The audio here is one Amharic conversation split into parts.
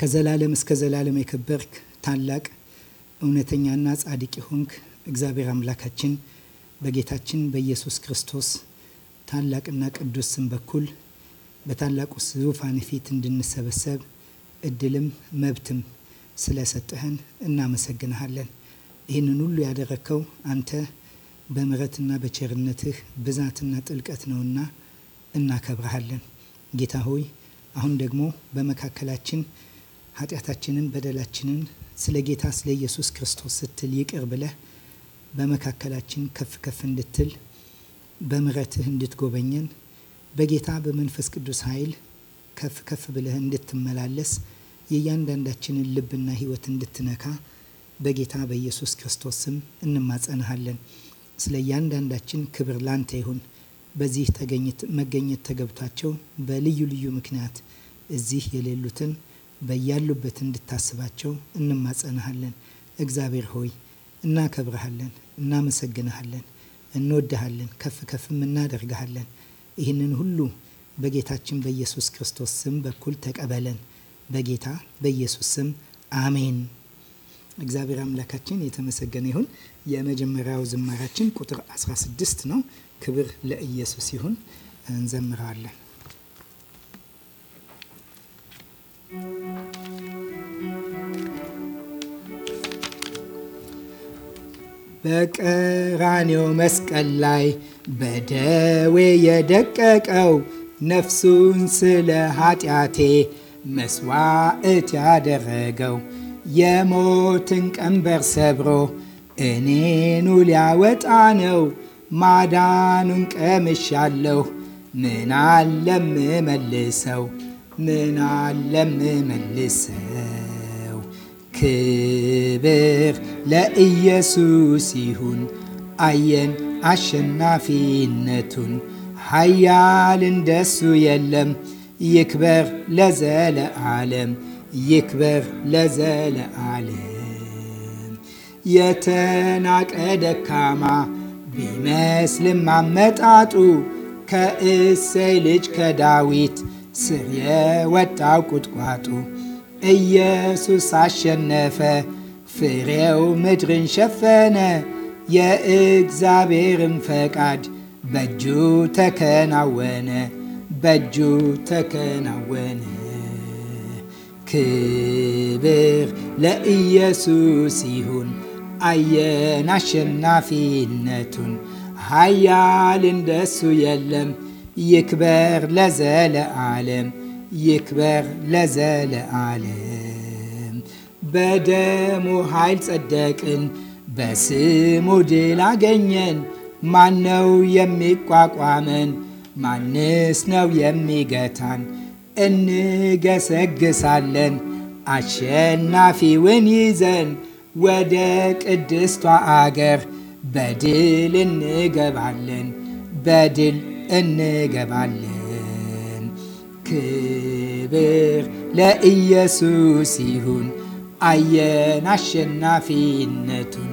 ከዘላለም እስከ ዘላለም የከበርክ ታላቅ እውነተኛና ጻድቅ የሆንክ እግዚአብሔር አምላካችን በጌታችን በኢየሱስ ክርስቶስ ታላቅና ቅዱስ ስም በኩል በታላቁ ዙፋን ፊት እንድንሰበሰብ እድልም መብትም ስለሰጠህን እናመሰግንሃለን። ይህንን ሁሉ ያደረግከው አንተ በምረትና በቸርነትህ ብዛትና ጥልቀት ነውና እናከብረሃለን። ጌታ ሆይ አሁን ደግሞ በመካከላችን ኃጢአታችንን፣ በደላችንን ስለ ጌታ ስለ ኢየሱስ ክርስቶስ ስትል ይቅር ብለህ በመካከላችን ከፍ ከፍ እንድትል በምረትህ እንድትጎበኘን በጌታ በመንፈስ ቅዱስ ኃይል ከፍ ከፍ ብለህ እንድትመላለስ የእያንዳንዳችንን ልብና ሕይወት እንድትነካ በጌታ በኢየሱስ ክርስቶስ ስም እንማጸንሃለን። ስለ እያንዳንዳችን ክብር ላንተ ይሁን። በዚህ መገኘት ተገብቷቸው በልዩ ልዩ ምክንያት እዚህ የሌሉትን በያሉበት እንድታስባቸው እንማጸናሃለን። እግዚአብሔር ሆይ እናከብረሃለን፣ እናመሰግንሃለን፣ እንወድሃለን፣ ከፍ ከፍም እናደርግሃለን። ይህንን ሁሉ በጌታችን በኢየሱስ ክርስቶስ ስም በኩል ተቀበለን። በጌታ በኢየሱስ ስም አሜን። እግዚአብሔር አምላካችን የተመሰገነ ይሁን። የመጀመሪያው ዝማሬያችን ቁጥር 16 ነው። ክብር ለኢየሱስ ይሁን። እንዘምረዋለን። በቀራኔው መስቀል ላይ በደዌ የደቀቀው ነፍሱን ስለ ኃጢአቴ መስዋዕት ያደረገው የሞትን ቀንበር ሰብሮ እኔኑ ሊያወጣ ነው። ማዳኑን ቀምሻለሁ። ምን አለም መልሰው ምን አለም መልሰው ክብር ለኢየሱስ ይሁን። አየን አሸናፊነቱን ኃያል እንደሱ የለም። ይክበር ለዘለ ዓለም ይክበር ለዘለ ዓለም። የተናቀ ደካማ ቢመስልም አመጣጡ ከእሴይ ልጅ ከዳዊት ስር የወጣው ቁጥቋጦ ኢየሱስ አሸነፈ፣ ፍሬው ምድርን ሸፈነ። የእግዚአብሔርን ፈቃድ በእጁ ተከናወነ፣ በእጁ ተከናወነ። ክብር ለኢየሱስ ይሁን፣ አየን አሸናፊነቱን። ኃያል እንደሱ የለም፣ ይክበር ለዘለዓለም። ይክበር ለዘለዓለም። በደሙ ኃይል ጸደቅን፣ በስሙ ድል አገኘን። ማን ነው የሚቋቋመን? ማንስ ነው የሚገታን? እንገሰግሳለን አሸናፊውን ይዘን ወደ ቅድስቷ አገር በድል እንገባለን፣ በድል እንገባለን። ክብር ለኢየሱስ ይሁን። አየን አሸናፊነቱን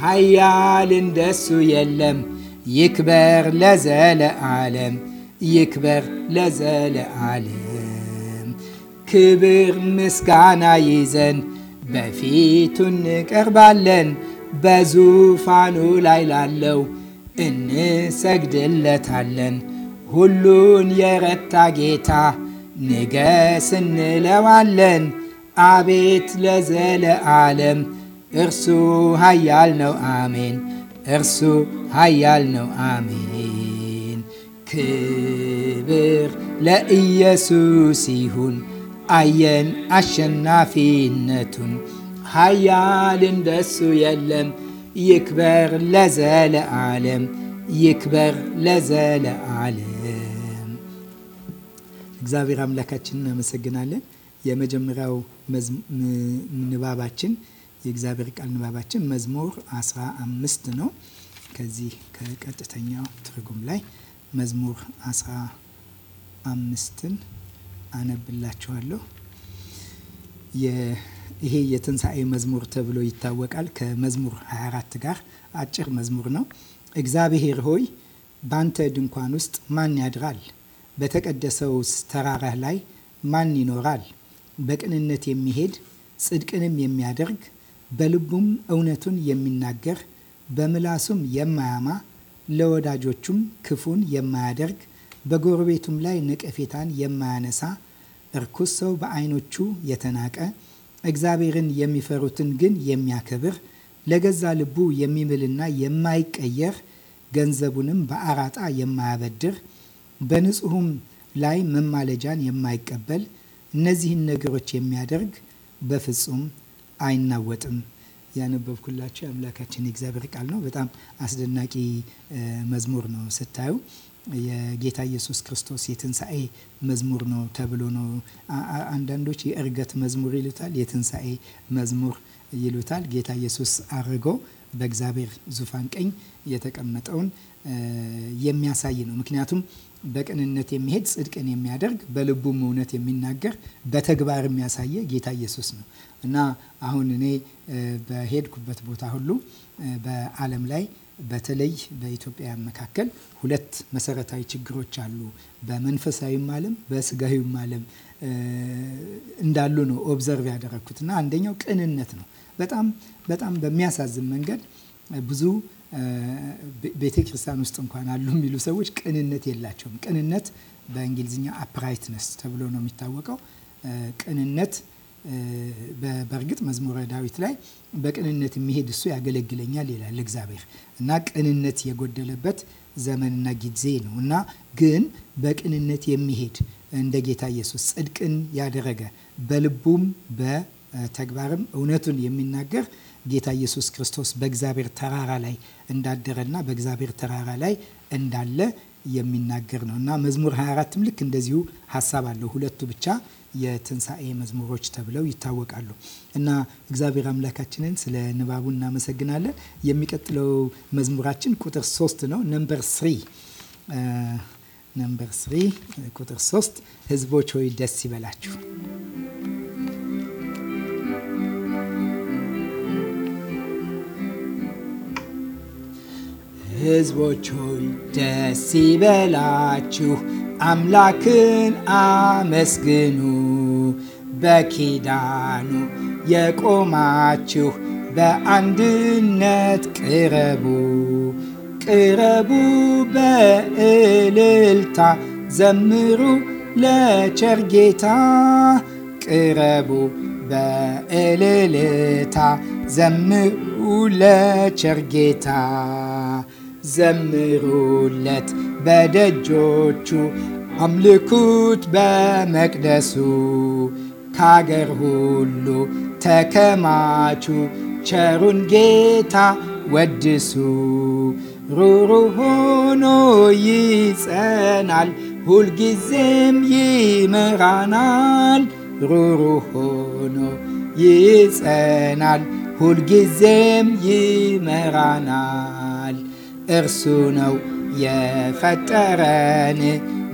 ኃያል እንደሱ የለም። ይክበር ለዘለ ይክበር ለዘለ ክብር ምስጋና ይዘን በፊቱ እንቀርባለን። በዙፋኑ ላይ ላለው እንሰግድለታለን። ሁሉን የረታ ጌታ ንገስ እንለዋለን። አቤት ለዘለ ዓለም እርሱ ኃያል ነው አሜን። እርሱ ኃያል ነው አሜን። ክብር ለኢየሱስ ይሁን። አየን አሸናፊነቱን ኃያል እንደሱ የለም። ይክበር ለዘለ ዓለም ይክበር ለዘለ ዓለም እግዚአብሔር አምላካችን እናመሰግናለን። የመጀመሪያው ንባባችን የእግዚአብሔር ቃል ንባባችን መዝሙር 15 ነው። ከዚህ ከቀጥተኛው ትርጉም ላይ መዝሙር 15ን አነብላችኋለሁ። ይሄ የትንሣኤ መዝሙር ተብሎ ይታወቃል። ከመዝሙር 24 ጋር አጭር መዝሙር ነው። እግዚአብሔር ሆይ በአንተ ድንኳን ውስጥ ማን ያድራል? በተቀደሰው ተራራህ ላይ ማን ይኖራል? በቅንነት የሚሄድ ጽድቅንም የሚያደርግ በልቡም እውነቱን የሚናገር በምላሱም የማያማ ለወዳጆቹም ክፉን የማያደርግ በጎረቤቱም ላይ ነቀፌታን የማያነሳ እርኩስ ሰው በዓይኖቹ የተናቀ እግዚአብሔርን የሚፈሩትን ግን የሚያከብር ለገዛ ልቡ የሚምልና የማይቀየር ገንዘቡንም በአራጣ የማያበድር በንጹህም ላይ መማለጃን የማይቀበል እነዚህን ነገሮች የሚያደርግ በፍጹም አይናወጥም። ያነበብኩላቸው የአምላካችን የእግዚአብሔር ቃል ነው። በጣም አስደናቂ መዝሙር ነው ስታዩ የጌታ ኢየሱስ ክርስቶስ የትንሣኤ መዝሙር ነው ተብሎ ነው። አንዳንዶች የእርገት መዝሙር ይሉታል፣ የትንሣኤ መዝሙር ይሉታል። ጌታ ኢየሱስ አርጎ በእግዚአብሔር ዙፋን ቀኝ የተቀመጠውን የሚያሳይ ነው። ምክንያቱም በቅንነት የሚሄድ ጽድቅን የሚያደርግ በልቡም እውነት የሚናገር በተግባር የሚያሳየ ጌታ ኢየሱስ ነው እና አሁን እኔ በሄድኩበት ቦታ ሁሉ በዓለም ላይ በተለይ በኢትዮጵያ መካከል ሁለት መሰረታዊ ችግሮች አሉ። በመንፈሳዊም ዓለም በስጋዊም ዓለም እንዳሉ ነው ኦብዘርቭ ያደረግኩት እና አንደኛው ቅንነት ነው። በጣም በጣም በሚያሳዝን መንገድ ብዙ ቤተ ክርስቲያን ውስጥ እንኳን አሉ የሚሉ ሰዎች ቅንነት የላቸውም። ቅንነት በእንግሊዝኛ አፕራይትነስ ተብሎ ነው የሚታወቀው። ቅንነት በእርግጥ መዝሙረ ዳዊት ላይ በቅንነት የሚሄድ እሱ ያገለግለኛል ይላል እግዚአብሔር እና ቅንነት የጎደለበት ዘመንና ጊዜ ነው እና ግን በቅንነት የሚሄድ እንደ ጌታ ኢየሱስ ጽድቅን ያደረገ በልቡም በተግባርም እውነቱን የሚናገር ጌታ ኢየሱስ ክርስቶስ በእግዚአብሔር ተራራ ላይ እንዳደረና በእግዚአብሔር ተራራ ላይ እንዳለ የሚናገር ነው እና መዝሙር 24ም ልክ እንደዚሁ ሀሳብ አለው። ሁለቱ ብቻ የትንሣኤ መዝሙሮች ተብለው ይታወቃሉ እና እግዚአብሔር አምላካችንን ስለ ንባቡ እናመሰግናለን። የሚቀጥለው መዝሙራችን ቁጥር ሶስት ነው። ነምበር ስሪ ነምበር ስሪ ቁጥር ሶስት ህዝቦች ሆይ ደስ ይበላችሁ ሕዝቦች ሆይ ደስ ይበላችሁ፣ አምላክን አመስግኑ። በኪዳኑ የቆማችሁ በአንድነት ቅረቡ ቅረቡ በእልልታ ዘምሩ ለቸር ጌታ ቅረቡ በእልልታ ዘምሩ ለቸር ጌታ ዘምሩለት በደጆቹ አምልኩት በመቅደሱ ካገር ሁሉ ተከማቹ ቸሩን ጌታ ወድሱ ሩሩ ሆኖ ይጸናል ሁልጊዜም ይመራናል ሩሩ ሆኖ ይጸናል ሁልጊዜም ይመራናል እርሱ ነው የፈጠረን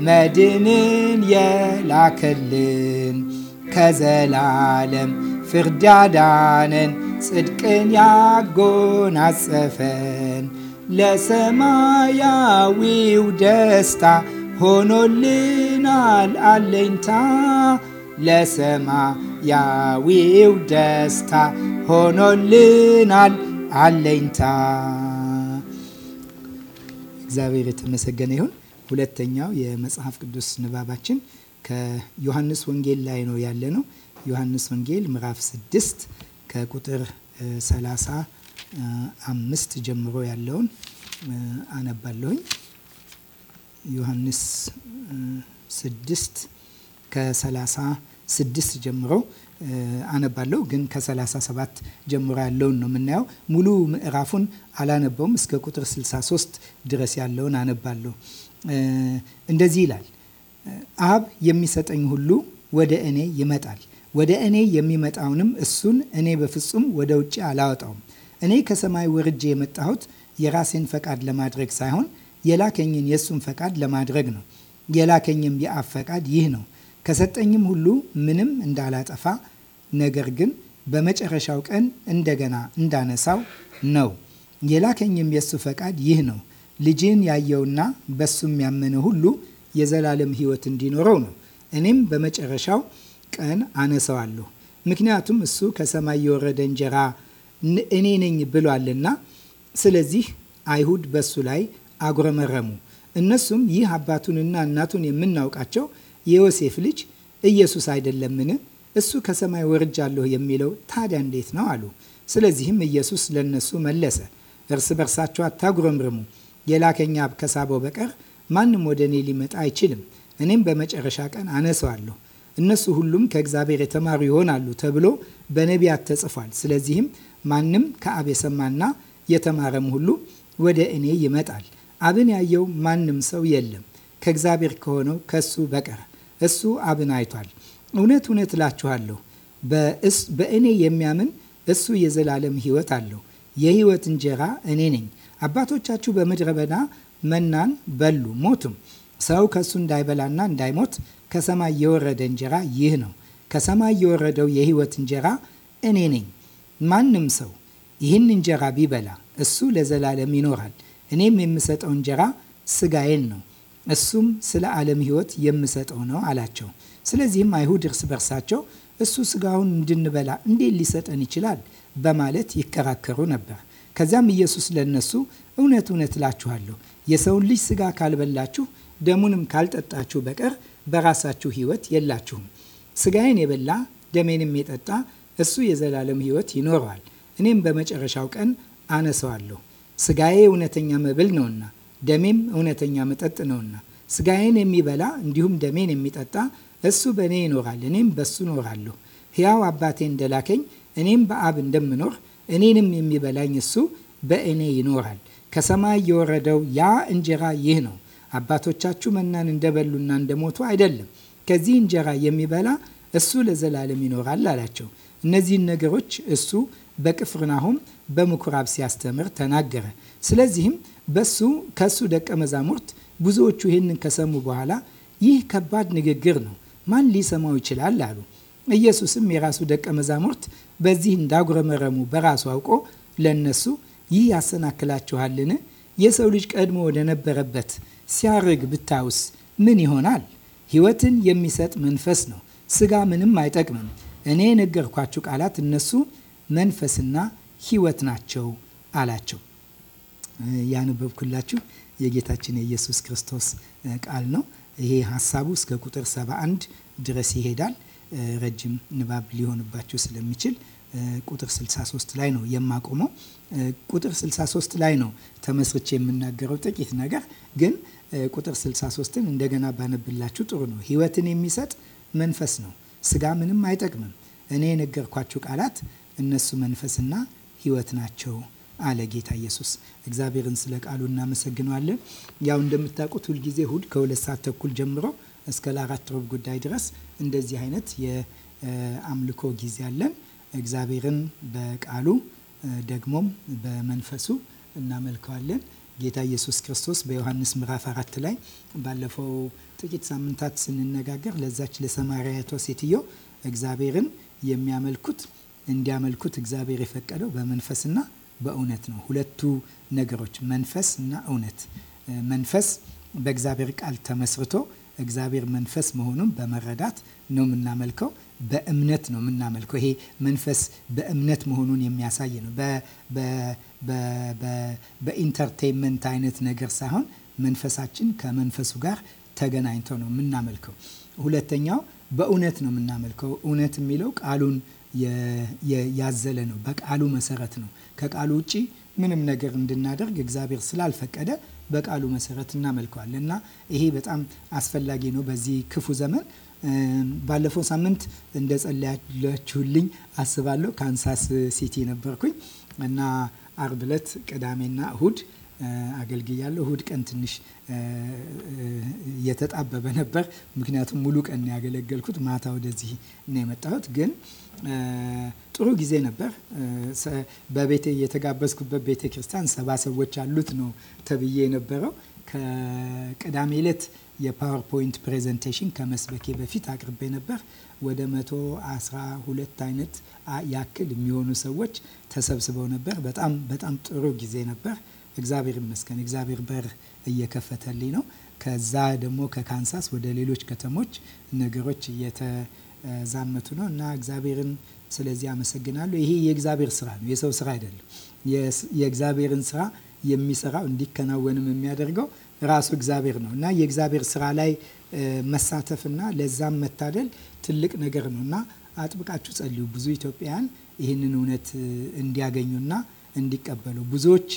መድንን የላከልን ከዘላለም ፍርድ ያዳነን ጽድቅን ያጎናጸፈን ለሰማያዊው ደስታ ሆኖልናል አለኝታ ለሰማያዊው ደስታ ሆኖልናል አለኝታ እግዚአብሔር የተመሰገነ ይሁን። ሁለተኛው የመጽሐፍ ቅዱስ ንባባችን ከዮሐንስ ወንጌል ላይ ነው ያለ ነው። ዮሐንስ ወንጌል ምዕራፍ 6 ከቁጥር 35 ጀምሮ ያለውን አነባለሁኝ። ዮሐንስ 6 ከ36 ጀምሮ አነባለሁ፣ ግን ከ37 ጀምሮ ያለውን ነው የምናየው። ሙሉ ምዕራፉን አላነበውም። እስከ ቁጥር 63 ድረስ ያለውን አነባለሁ። እንደዚህ ይላል፣ አብ የሚሰጠኝ ሁሉ ወደ እኔ ይመጣል፣ ወደ እኔ የሚመጣውንም እሱን እኔ በፍጹም ወደ ውጭ አላወጣውም። እኔ ከሰማይ ወርጄ የመጣሁት የራሴን ፈቃድ ለማድረግ ሳይሆን የላከኝን የእሱን ፈቃድ ለማድረግ ነው። የላከኝም የአብ ፈቃድ ይህ ነው ከሰጠኝም ሁሉ ምንም እንዳላጠፋ ነገር ግን በመጨረሻው ቀን እንደገና እንዳነሳው ነው። የላከኝም የእሱ ፈቃድ ይህ ነው፣ ልጄን ያየውና በሱም ያመነ ሁሉ የዘላለም ሕይወት እንዲኖረው ነው። እኔም በመጨረሻው ቀን አነሰዋለሁ። ምክንያቱም እሱ ከሰማይ የወረደ እንጀራ እኔ ነኝ ብሏልና። ስለዚህ አይሁድ በሱ ላይ አጉረመረሙ። እነሱም ይህ አባቱንና እናቱን የምናውቃቸው የዮሴፍ ልጅ ኢየሱስ አይደለምን? እሱ ከሰማይ ወርጃለሁ የሚለው ታዲያ እንዴት ነው አሉ። ስለዚህም ኢየሱስ ለነሱ መለሰ፣ እርስ በርሳቸው አታጉረምርሙ። የላከኝ አብ ከሳበው በቀር ማንም ወደ እኔ ሊመጣ አይችልም፣ እኔም በመጨረሻ ቀን አነሰዋለሁ። እነሱ ሁሉም ከእግዚአብሔር የተማሩ ይሆናሉ ተብሎ በነቢያት ተጽፏል። ስለዚህም ማንም ከአብ የሰማና የተማረም ሁሉ ወደ እኔ ይመጣል። አብን ያየው ማንም ሰው የለም ከእግዚአብሔር ከሆነው ከሱ በቀር እሱ አብን አይቷል። እውነት እውነት እላችኋለሁ በእኔ የሚያምን እሱ የዘላለም ሕይወት አለው። የሕይወት እንጀራ እኔ ነኝ። አባቶቻችሁ በምድረ በዳ መናን በሉ ሞቱም። ሰው ከእሱ እንዳይበላና እንዳይሞት ከሰማይ የወረደ እንጀራ ይህ ነው። ከሰማይ የወረደው የሕይወት እንጀራ እኔ ነኝ። ማንም ሰው ይህን እንጀራ ቢበላ እሱ ለዘላለም ይኖራል። እኔም የምሰጠው እንጀራ ስጋዬን ነው እሱም ስለ ዓለም ሕይወት የምሰጠው ነው አላቸው። ስለዚህም አይሁድ እርስ በርሳቸው እሱ ስጋውን እንድንበላ እንዴት ሊሰጠን ይችላል? በማለት ይከራከሩ ነበር። ከዚያም ኢየሱስ ለነሱ እውነት እውነት እላችኋለሁ የሰውን ልጅ ስጋ ካልበላችሁ ደሙንም ካልጠጣችሁ በቀር በራሳችሁ ሕይወት የላችሁም። ስጋዬን የበላ ደሜንም የጠጣ እሱ የዘላለም ሕይወት ይኖረዋል፣ እኔም በመጨረሻው ቀን አነሰዋለሁ። ስጋዬ እውነተኛ መብል ነውና ደሜም እውነተኛ መጠጥ ነውና ስጋዬን የሚበላ እንዲሁም ደሜን የሚጠጣ እሱ በእኔ ይኖራል፣ እኔም በሱ እኖራለሁ። ሕያው አባቴ እንደላከኝ እኔም በአብ እንደምኖር እኔንም የሚበላኝ እሱ በእኔ ይኖራል። ከሰማይ የወረደው ያ እንጀራ ይህ ነው። አባቶቻችሁ መናን እንደበሉና እንደሞቱ አይደለም። ከዚህ እንጀራ የሚበላ እሱ ለዘላለም ይኖራል አላቸው። እነዚህን ነገሮች እሱ በቅፍርናሆም በምኩራብ ሲያስተምር ተናገረ። ስለዚህም በሱ ከሱ ደቀ መዛሙርት ብዙዎቹ ይህንን ከሰሙ በኋላ ይህ ከባድ ንግግር ነው፣ ማን ሊሰማው ይችላል አሉ። ኢየሱስም የራሱ ደቀ መዛሙርት በዚህ እንዳጉረመረሙ በራሱ አውቆ ለነሱ ይህ ያሰናክላችኋልን? የሰው ልጅ ቀድሞ ወደ ነበረበት ሲያርግ ብታዩስ ምን ይሆናል? ሕይወትን የሚሰጥ መንፈስ ነው፣ ስጋ ምንም አይጠቅምም። እኔ የነገርኳችሁ ቃላት እነሱ መንፈስና ሕይወት ናቸው አላቸው። ያነበብኩላችሁ የጌታችን የኢየሱስ ክርስቶስ ቃል ነው። ይሄ ሀሳቡ እስከ ቁጥር 71 ድረስ ይሄዳል። ረጅም ንባብ ሊሆንባችሁ ስለሚችል ቁጥር 63 ላይ ነው የማቆመው። ቁጥር 63 ላይ ነው ተመስርቼ የምናገረው ጥቂት ነገር ግን ቁጥር 63ን እንደገና ባነብላችሁ ጥሩ ነው። ህይወትን የሚሰጥ መንፈስ ነው፣ ስጋ ምንም አይጠቅምም። እኔ የነገርኳችሁ ቃላት እነሱ መንፈስና ህይወት ናቸው አለ ጌታ ኢየሱስ። እግዚአብሔርን ስለ ቃሉ እናመሰግነዋለን። ያው እንደምታውቁት ሁልጊዜ እሁድ ከሁለት ሰዓት ተኩል ጀምሮ እስከ ለአራት ሩብ ጉዳይ ድረስ እንደዚህ አይነት የአምልኮ ጊዜ አለን። እግዚአብሔርን በቃሉ ደግሞም በመንፈሱ እናመልከዋለን። ጌታ ኢየሱስ ክርስቶስ በዮሐንስ ምዕራፍ አራት ላይ ባለፈው ጥቂት ሳምንታት ስንነጋገር ለዛች ለሰማርያቷ ሴትዮ እግዚአብሔርን የሚያመልኩት እንዲያመልኩት እግዚአብሔር የፈቀደው በመንፈስና በእውነት ነው። ሁለቱ ነገሮች መንፈስ እና እውነት። መንፈስ በእግዚአብሔር ቃል ተመስርቶ እግዚአብሔር መንፈስ መሆኑን በመረዳት ነው የምናመልከው። በእምነት ነው የምናመልከው። ይሄ መንፈስ በእምነት መሆኑን የሚያሳይ ነው። በኢንተርቴንመንት አይነት ነገር ሳይሆን መንፈሳችን ከመንፈሱ ጋር ተገናኝቶ ነው የምናመልከው። ሁለተኛው በእውነት ነው የምናመልከው። እውነት የሚለው ቃሉን ያዘለ ነው። በቃሉ መሰረት ነው ከቃሉ ውጪ ምንም ነገር እንድናደርግ እግዚአብሔር ስላልፈቀደ በቃሉ መሰረት እናመልከዋል እና ይሄ በጣም አስፈላጊ ነው በዚህ ክፉ ዘመን። ባለፈው ሳምንት እንደ ጸለያችሁልኝ አስባለሁ። ካንሳስ ሲቲ ነበርኩኝ እና አርብ ዕለት ቅዳሜና እሁድ አገልግያለሁ። እሁድ ቀን ትንሽ የተጣበበ ነበር፣ ምክንያቱም ሙሉ ቀን ያገለገልኩት ማታ ወደዚህ ነው የመጣሁት ግን ጥሩ ጊዜ ነበር። በቤተ የተጋበዝኩበት ቤተ ክርስቲያን ሰባ ሰዎች አሉት ነው ተብዬ የነበረው። ከቅዳሜ ዕለት የፓወርፖይንት ፕሬዘንቴሽን ከመስበኬ በፊት አቅርቤ ነበር። ወደ 112 አይነት ያክል የሚሆኑ ሰዎች ተሰብስበው ነበር። በጣም በጣም ጥሩ ጊዜ ነበር። እግዚአብሔር ይመስገን። እግዚአብሔር በር እየከፈተልኝ ነው። ከዛ ደግሞ ከካንሳስ ወደ ሌሎች ከተሞች ነገሮች ዛመቱ ነው እና እግዚአብሔርን ስለዚህ አመሰግናለሁ። ይሄ የእግዚአብሔር ስራ ነው፣ የሰው ስራ አይደለም። የእግዚአብሔርን ስራ የሚሰራው እንዲከናወንም የሚያደርገው ራሱ እግዚአብሔር ነው እና የእግዚአብሔር ስራ ላይ መሳተፍና ለዛም መታደል ትልቅ ነገር ነው እና አጥብቃችሁ ጸልዩ። ብዙ ኢትዮጵያውያን ይህንን እውነት እንዲያገኙና እንዲቀበሉ ብዙዎች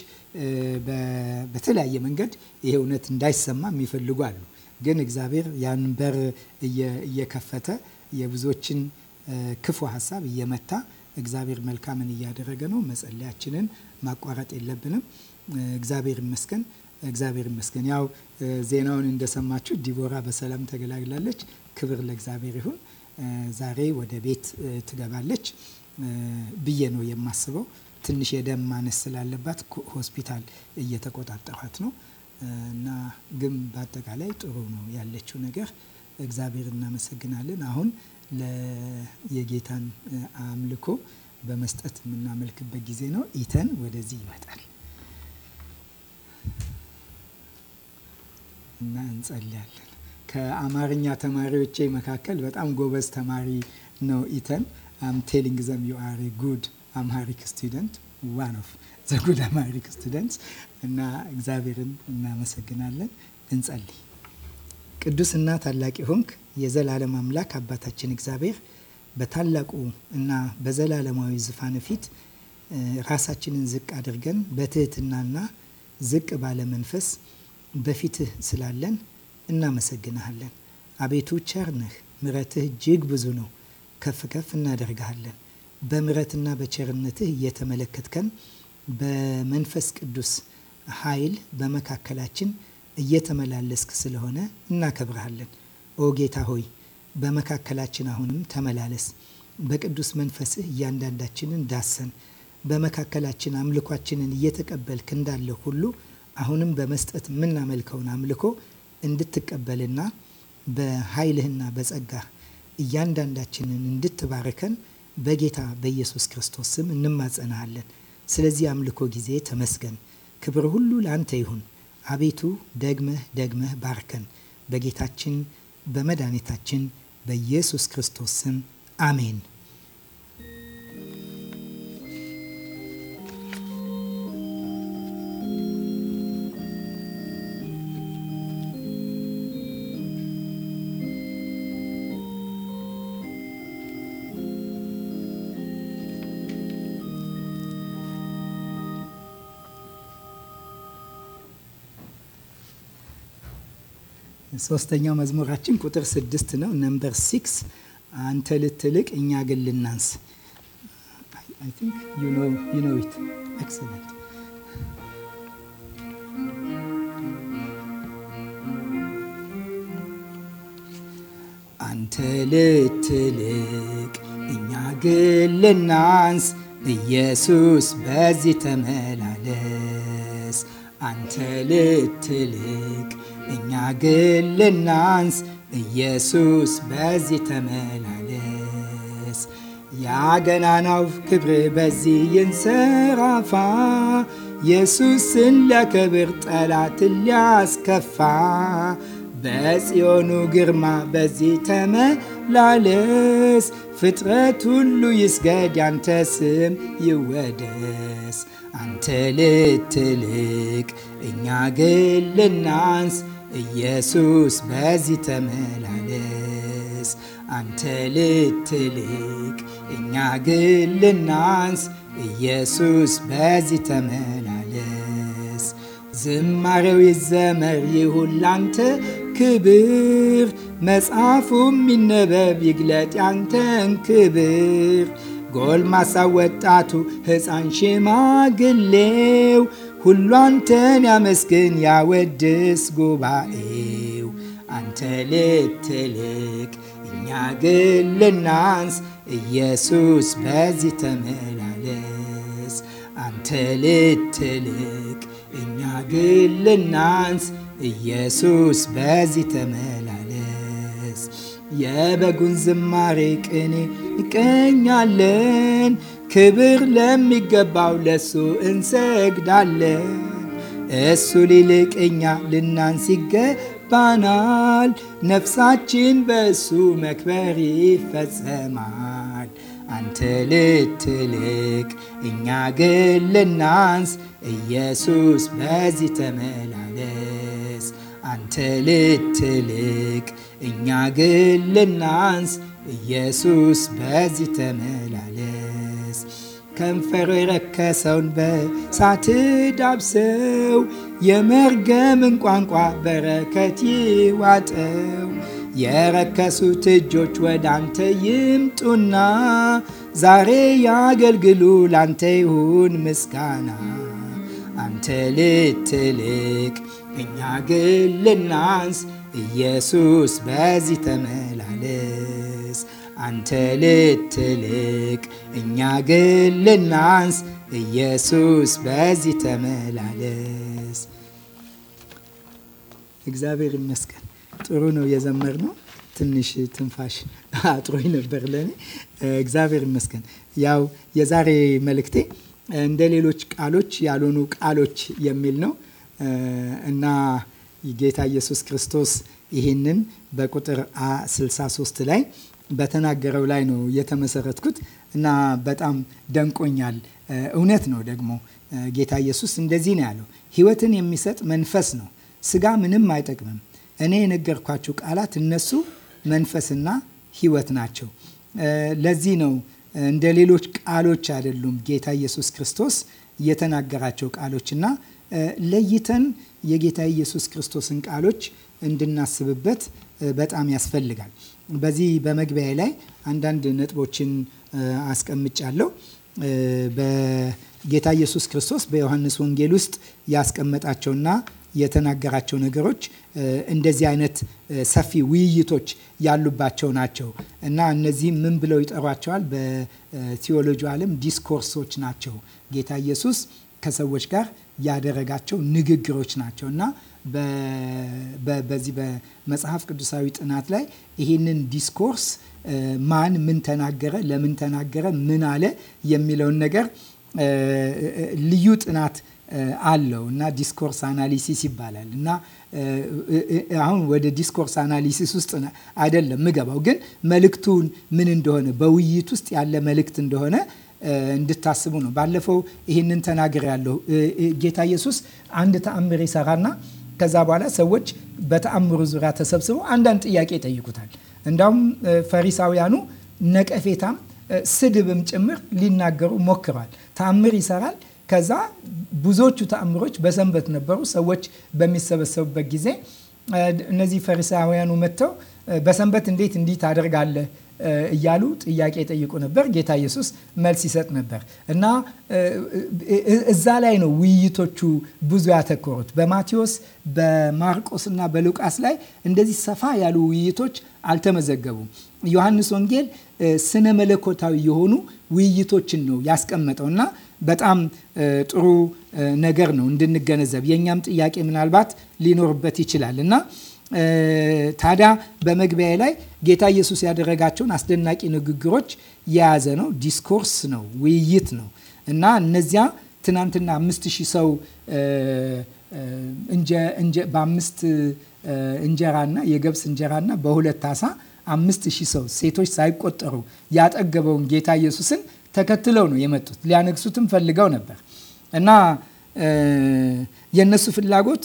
በተለያየ መንገድ ይሄ እውነት እንዳይሰማ የሚፈልጉ አሉ። ግን እግዚአብሔር ያን በር እየከፈተ የብዙዎችን ክፉ ሀሳብ እየመታ እግዚአብሔር መልካምን እያደረገ ነው። መጸለያችንን ማቋረጥ የለብንም። እግዚአብሔር ይመስገን፣ እግዚአብሔር ይመስገን። ያው ዜናውን እንደሰማችሁ ዲቦራ በሰላም ተገላግላለች። ክብር ለእግዚአብሔር ይሁን። ዛሬ ወደ ቤት ትገባለች ብዬ ነው የማስበው። ትንሽ የደም ማነስ ስላለባት ሆስፒታል እየተቆጣጠሯት ነው እና ግን በአጠቃላይ ጥሩ ነው ያለችው ነገር እግዚአብሔር እናመሰግናለን። አሁን የጌታን አምልኮ በመስጠት የምናመልክበት ጊዜ ነው። ኢተን ወደዚህ ይመጣል እና እንጸልያለን። ከአማርኛ ተማሪዎቼ መካከል በጣም ጎበዝ ተማሪ ነው ኢተን። አም ቴሊንግ ዘም ዩ አር ጉድ አማሪክ ስቱደንት ዋን ኦፍ ዘጉድ አማሪክ ስቱደንትስ እና እግዚአብሔርን እናመሰግናለን። እንጸልይ ቅዱስና ታላቅ የሆንክ የዘላለም አምላክ አባታችን እግዚአብሔር በታላቁ እና በዘላለማዊ ዙፋን ፊት ራሳችንን ዝቅ አድርገን በትህትናና ዝቅ ባለ መንፈስ በፊትህ ስላለን እናመሰግንሃለን። አቤቱ ቸር ነህ፣ ምረትህ እጅግ ብዙ ነው። ከፍ ከፍ እናደርግሃለን። በምረትና በቸርነትህ እየተመለከትከን በመንፈስ ቅዱስ ኃይል በመካከላችን እየተመላለስክ ስለሆነ እናከብረሃለን። ኦ ጌታ ሆይ በመካከላችን አሁንም ተመላለስ። በቅዱስ መንፈስህ እያንዳንዳችንን ዳሰን። በመካከላችን አምልኳችንን እየተቀበልክ እንዳለ ሁሉ አሁንም በመስጠት የምናመልከውን አምልኮ እንድትቀበልና በኃይልህና በጸጋህ እያንዳንዳችንን እንድትባርከን በጌታ በኢየሱስ ክርስቶስ ስም እንማጸናሃለን። ስለዚህ አምልኮ ጊዜ ተመስገን። ክብር ሁሉ ለአንተ ይሁን። አቤቱ ደግመህ ደግመህ ባርከን። በጌታችን በመድኃኒታችን በኢየሱስ ክርስቶስ ስም አሜን። ሶስተኛው መዝሙራችን ቁጥር ስድስት ነው። ነምበር ሲክስ አንተ ልትልቅ እኛ ግን ልናንስ። አንተ ልትልቅ እኛ ግን ልናንስ፣ ኢየሱስ በዚህ ተመላለስ። አንተ ልትልቅ ደናግል ልናንስ ኢየሱስ በዚህ ተመላለስ። ያገናናው ክብር በዚህ ይንሰራፋ ኢየሱስን ለክብር ጠላት ሊያስከፋ በጽዮኑ ግርማ በዚህ ተመላለስ። ፍጥረት ሁሉ ይስገድ ያንተ ስም ይወደስ። አንተ ልትልቅ እኛ ግን ልናንስ ኢየሱስ በዚህ ተመላለስ፣ አንተ ልትልቅ እኛ ግን ልናንስ። ኢየሱስ በዚህ ተመላለስ፣ ዝማሬው ይዘመር ይሁን ላንተ ክብር፣ መጽሐፉም ይነበብ ይግለጥ ያንተን ክብር። ጎልማሳ ወጣቱ ሕፃን ሽማግሌው ሁሉ አንተን ያመስግን ያወድስ ጉባኤው። አንተ ልትልቅ እኛ ግን ልናንስ፣ ኢየሱስ በዚህ ተመላለስ። አንተ ልትልቅ እኛ ግን ልናንስ፣ ኢየሱስ በዚህ ተመላለስ። የበጉን ዝማሬ ቅኔ ይቀኛለን ክብር ለሚገባው ለሱ እንሰግዳለን። እሱ ሊልቅኛ እኛ ልናንስ ይገባናል። ነፍሳችን በእሱ መክበር ይፈጸማል። አንተ ልትልቅ እኛ ግን ልናንስ፣ ኢየሱስ በዚህ ተመላለስ። አንተ ልትልቅ እኛ ግን ልናንስ፣ ኢየሱስ በዚህ ተመላለስ። ከንፈሩ የረከሰውን በሳት ዳብሰው የመርገምን ቋንቋ በረከት ይዋጠው። የረከሱት እጆች ወደ አንተ ይምጡና ዛሬ ያገልግሉ፣ ላንተ ይሁን ምስጋና። አንተ ልትልቅ እኛ ግን ልናንስ፣ ኢየሱስ በዚህ ተመላለስ አንተ ልትልቅ እኛ ግን ልናንስ፣ ኢየሱስ በዚህ ተመላለስ። እግዚአብሔር ይመስገን። ጥሩ ነው የዘመር ነው። ትንሽ ትንፋሽ አጥሮኝ ነበር ለእኔ። እግዚአብሔር ይመስገን። ያው የዛሬ መልእክቴ እንደ ሌሎች ቃሎች ያልሆኑ ቃሎች የሚል ነው እና ጌታ ኢየሱስ ክርስቶስ ይህንን በቁጥር 63 ላይ በተናገረው ላይ ነው የተመሰረትኩት እና በጣም ደንቆኛል። እውነት ነው ደግሞ ጌታ ኢየሱስ እንደዚህ ነው ያለው፣ ህይወትን የሚሰጥ መንፈስ ነው፣ ስጋ ምንም አይጠቅምም። እኔ የነገርኳችሁ ቃላት እነሱ መንፈስና ህይወት ናቸው። ለዚህ ነው እንደ ሌሎች ቃሎች አይደሉም ጌታ ኢየሱስ ክርስቶስ የተናገራቸው ቃሎች እና ለይተን የጌታ ኢየሱስ ክርስቶስን ቃሎች እንድናስብበት በጣም ያስፈልጋል። በዚህ በመግቢያ ላይ አንዳንድ ነጥቦችን አስቀምጫለሁ። በጌታ ኢየሱስ ክርስቶስ በዮሐንስ ወንጌል ውስጥ ያስቀመጣቸውና የተናገራቸው ነገሮች እንደዚህ አይነት ሰፊ ውይይቶች ያሉባቸው ናቸው እና እነዚህ ምን ብለው ይጠሯቸዋል? በቲዎሎጂ ዓለም ዲስኮርሶች ናቸው። ጌታ ኢየሱስ ከሰዎች ጋር ያደረጋቸው ንግግሮች ናቸው እና በዚህ በመጽሐፍ ቅዱሳዊ ጥናት ላይ ይህንን ዲስኮርስ ማን ምን ተናገረ፣ ለምን ተናገረ፣ ምን አለ የሚለውን ነገር ልዩ ጥናት አለው እና ዲስኮርስ አናሊሲስ ይባላል እና አሁን ወደ ዲስኮርስ አናሊሲስ ውስጥ አይደለም ምገባው፣ ግን መልእክቱን ምን እንደሆነ በውይይት ውስጥ ያለ መልእክት እንደሆነ እንድታስቡ ነው። ባለፈው ይህንን ተናገር ያለው ጌታ ኢየሱስ አንድ ተአምር ይሰራና ከዛ በኋላ ሰዎች በተአምሩ ዙሪያ ተሰብስበው አንዳንድ ጥያቄ ይጠይቁታል። እንዳውም ፈሪሳውያኑ ነቀፌታም ስድብም ጭምር ሊናገሩ ሞክረዋል። ተአምር ይሰራል። ከዛ ብዙዎቹ ተአምሮች በሰንበት ነበሩ። ሰዎች በሚሰበሰቡበት ጊዜ እነዚህ ፈሪሳውያኑ መጥተው በሰንበት እንዴት እንዲህ ታደርጋለህ እያሉ ጥያቄ ጠይቁ ነበር። ጌታ ኢየሱስ መልስ ይሰጥ ነበር እና እዛ ላይ ነው ውይይቶቹ ብዙ ያተኮሩት። በማቴዎስ በማርቆስ እና በሉቃስ ላይ እንደዚህ ሰፋ ያሉ ውይይቶች አልተመዘገቡም። ዮሐንስ ወንጌል ስነ መለኮታዊ የሆኑ ውይይቶችን ነው ያስቀመጠው እና በጣም ጥሩ ነገር ነው እንድንገነዘብ። የእኛም ጥያቄ ምናልባት ሊኖርበት ይችላል እና ታዲያ በመግቢያ ላይ ጌታ ኢየሱስ ያደረጋቸውን አስደናቂ ንግግሮች የያዘ ነው። ዲስኮርስ ነው፣ ውይይት ነው እና እነዚያ ትናንትና አምስት ሺህ ሰው በአምስት እንጀራና የገብስ እንጀራና በሁለት አሳ አምስት ሺህ ሰው ሴቶች ሳይቆጠሩ ያጠገበውን ጌታ ኢየሱስን ተከትለው ነው የመጡት። ሊያነግሱትም ፈልገው ነበር እና የእነሱ ፍላጎት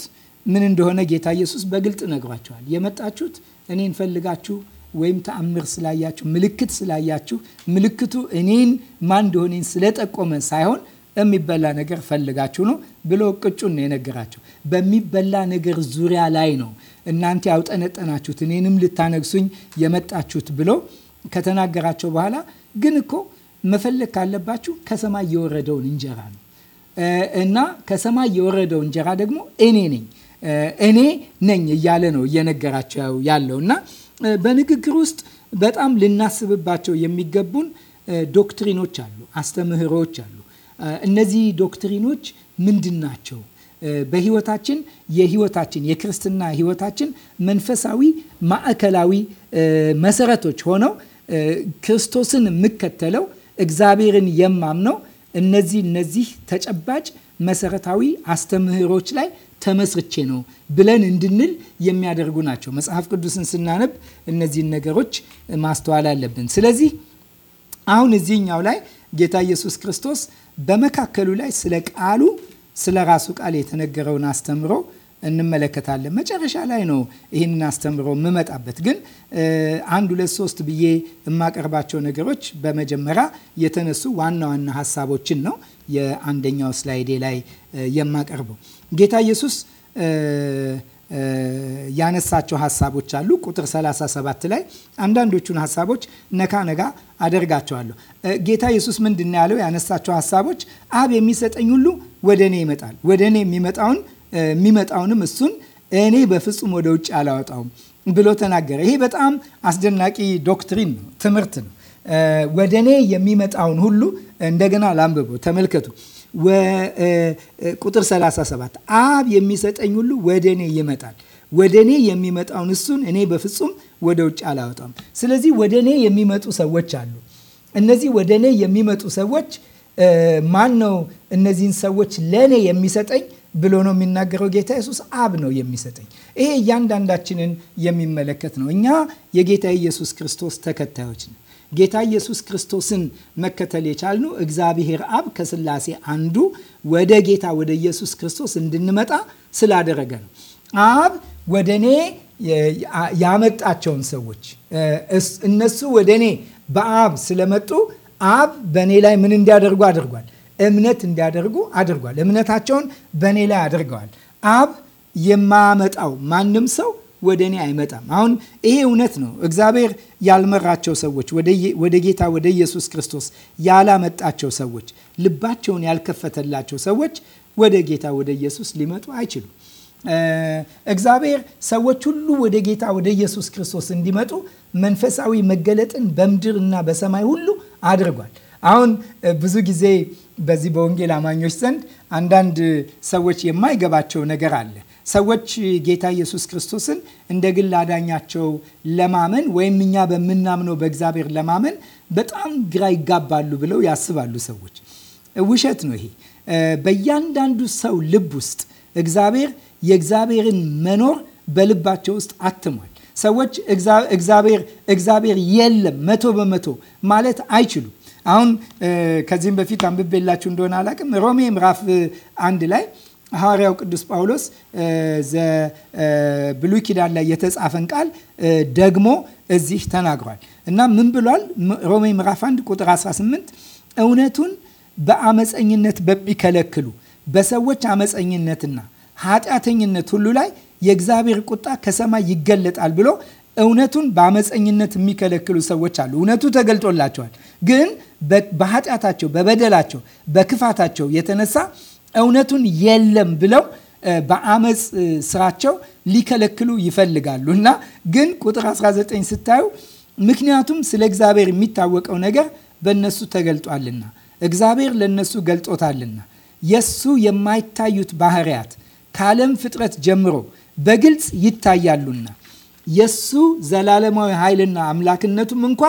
ምን እንደሆነ ጌታ ኢየሱስ በግልጥ ነግሯቸዋል። የመጣችሁት እኔን ፈልጋችሁ ወይም ተአምር ስላያችሁ፣ ምልክት ስላያችሁ፣ ምልክቱ እኔን ማን እንደሆነኝ ስለጠቆመ ሳይሆን የሚበላ ነገር ፈልጋችሁ ነው ብሎ ቅጩን ነው የነገራቸው። በሚበላ ነገር ዙሪያ ላይ ነው እናንተ ያውጠነጠናችሁት እኔንም ልታነግሱኝ የመጣችሁት ብሎ ከተናገራቸው በኋላ ግን እኮ መፈለግ ካለባችሁ ከሰማይ የወረደውን እንጀራ ነው እና ከሰማይ የወረደው እንጀራ ደግሞ እኔ ነኝ። እኔ ነኝ እያለ ነው እየነገራቸው ያለው እና በንግግር ውስጥ በጣም ልናስብባቸው የሚገቡን ዶክትሪኖች አሉ፣ አስተምህሮዎች አሉ። እነዚህ ዶክትሪኖች ምንድን ናቸው? በህይወታችን የህይወታችን የክርስትና ህይወታችን መንፈሳዊ ማዕከላዊ መሰረቶች ሆነው ክርስቶስን የምከተለው እግዚአብሔርን የማምነው እነዚህ እነዚህ ተጨባጭ መሰረታዊ አስተምህሮች ላይ ተመስርቼ ነው ብለን እንድንል የሚያደርጉ ናቸው። መጽሐፍ ቅዱስን ስናነብ እነዚህን ነገሮች ማስተዋል አለብን። ስለዚህ አሁን እዚህኛው ላይ ጌታ ኢየሱስ ክርስቶስ በመካከሉ ላይ ስለ ቃሉ ስለ ራሱ ቃል የተነገረውን አስተምሮ እንመለከታለን። መጨረሻ ላይ ነው ይህንን አስተምሮ የምመጣበት። ግን አንድ ሁለት ሶስት ብዬ የማቀርባቸው ነገሮች በመጀመሪያ የተነሱ ዋና ዋና ሀሳቦችን ነው የአንደኛው ስላይዴ ላይ የማቀርበው ጌታ ኢየሱስ ያነሳቸው ሀሳቦች አሉ። ቁጥር 37 ላይ አንዳንዶቹን ሀሳቦች ነካ ነጋ አደርጋቸዋለሁ። ጌታ ኢየሱስ ምንድን ያለው ያነሳቸው ሀሳቦች አብ የሚሰጠኝ ሁሉ ወደ እኔ ይመጣል፣ ወደ እኔ የሚመጣውን የሚመጣውንም እሱን እኔ በፍጹም ወደ ውጭ አላወጣውም ብሎ ተናገረ። ይሄ በጣም አስደናቂ ዶክትሪን ነው፣ ትምህርት ነው። ወደ እኔ የሚመጣውን ሁሉ እንደገና ላንብበው፣ ተመልከቱ ቁጥር 37 አብ የሚሰጠኝ ሁሉ ወደ እኔ ይመጣል፣ ወደ እኔ የሚመጣውን እሱን እኔ በፍጹም ወደ ውጭ አላወጣም። ስለዚህ ወደ እኔ የሚመጡ ሰዎች አሉ። እነዚህ ወደ እኔ የሚመጡ ሰዎች ማን ነው? እነዚህን ሰዎች ለእኔ የሚሰጠኝ ብሎ ነው የሚናገረው ጌታ ኢየሱስ። አብ ነው የሚሰጠኝ። ይሄ እያንዳንዳችንን የሚመለከት ነው። እኛ የጌታ ኢየሱስ ክርስቶስ ተከታዮች ነን። ጌታ ኢየሱስ ክርስቶስን መከተል የቻልነው እግዚአብሔር አብ ከስላሴ አንዱ ወደ ጌታ ወደ ኢየሱስ ክርስቶስ እንድንመጣ ስላደረገ ነው። አብ ወደ እኔ ያመጣቸውን ሰዎች እነሱ ወደ እኔ በአብ ስለመጡ አብ በእኔ ላይ ምን እንዲያደርጉ አድርጓል? እምነት እንዲያደርጉ አድርጓል። እምነታቸውን በእኔ ላይ አድርገዋል። አብ የማያመጣው ማንም ሰው ወደ እኔ አይመጣም። አሁን ይሄ እውነት ነው። እግዚአብሔር ያልመራቸው ሰዎች፣ ወደ ጌታ ወደ ኢየሱስ ክርስቶስ ያላመጣቸው ሰዎች፣ ልባቸውን ያልከፈተላቸው ሰዎች ወደ ጌታ ወደ ኢየሱስ ሊመጡ አይችሉም። እግዚአብሔር ሰዎች ሁሉ ወደ ጌታ ወደ ኢየሱስ ክርስቶስ እንዲመጡ መንፈሳዊ መገለጥን በምድር እና በሰማይ ሁሉ አድርጓል። አሁን ብዙ ጊዜ በዚህ በወንጌል አማኞች ዘንድ አንዳንድ ሰዎች የማይገባቸው ነገር አለ። ሰዎች ጌታ ኢየሱስ ክርስቶስን እንደ ግል አዳኛቸው ለማመን ወይም እኛ በምናምነው በእግዚአብሔር ለማመን በጣም ግራ ይጋባሉ ብለው ያስባሉ ሰዎች። ውሸት ነው ይሄ። በእያንዳንዱ ሰው ልብ ውስጥ እግዚአብሔር የእግዚአብሔርን መኖር በልባቸው ውስጥ አትሟል። ሰዎች እግዚአብሔር እግዚአብሔር የለም መቶ በመቶ ማለት አይችሉም። አሁን ከዚህም በፊት አንብቤላችሁ እንደሆነ አላቅም ሮሜ ምዕራፍ አንድ ላይ ሐዋርያው ቅዱስ ጳውሎስ ብሉይ ኪዳን ላይ የተጻፈን ቃል ደግሞ እዚህ ተናግሯል እና ምን ብሏል? ሮሜ ምዕራፍ 1 ቁጥር 18 እውነቱን በአመፀኝነት በሚከለክሉ በሰዎች አመፀኝነትና ኃጢአተኝነት ሁሉ ላይ የእግዚአብሔር ቁጣ ከሰማይ ይገለጣል ብሎ እውነቱን በአመፀኝነት የሚከለክሉ ሰዎች አሉ። እውነቱ ተገልጦላቸዋል፣ ግን በኃጢአታቸው፣ በበደላቸው፣ በክፋታቸው የተነሳ እውነቱን የለም ብለው በአመፅ ስራቸው ሊከለክሉ ይፈልጋሉ እና ግን ቁጥር 19 ስታዩ ምክንያቱም ስለ እግዚአብሔር የሚታወቀው ነገር በእነሱ ተገልጧልና እግዚአብሔር ለእነሱ ገልጦታልና የሱ የማይታዩት ባህርያት ከዓለም ፍጥረት ጀምሮ በግልጽ ይታያሉና የሱ ዘላለማዊ ኃይልና አምላክነቱም እንኳ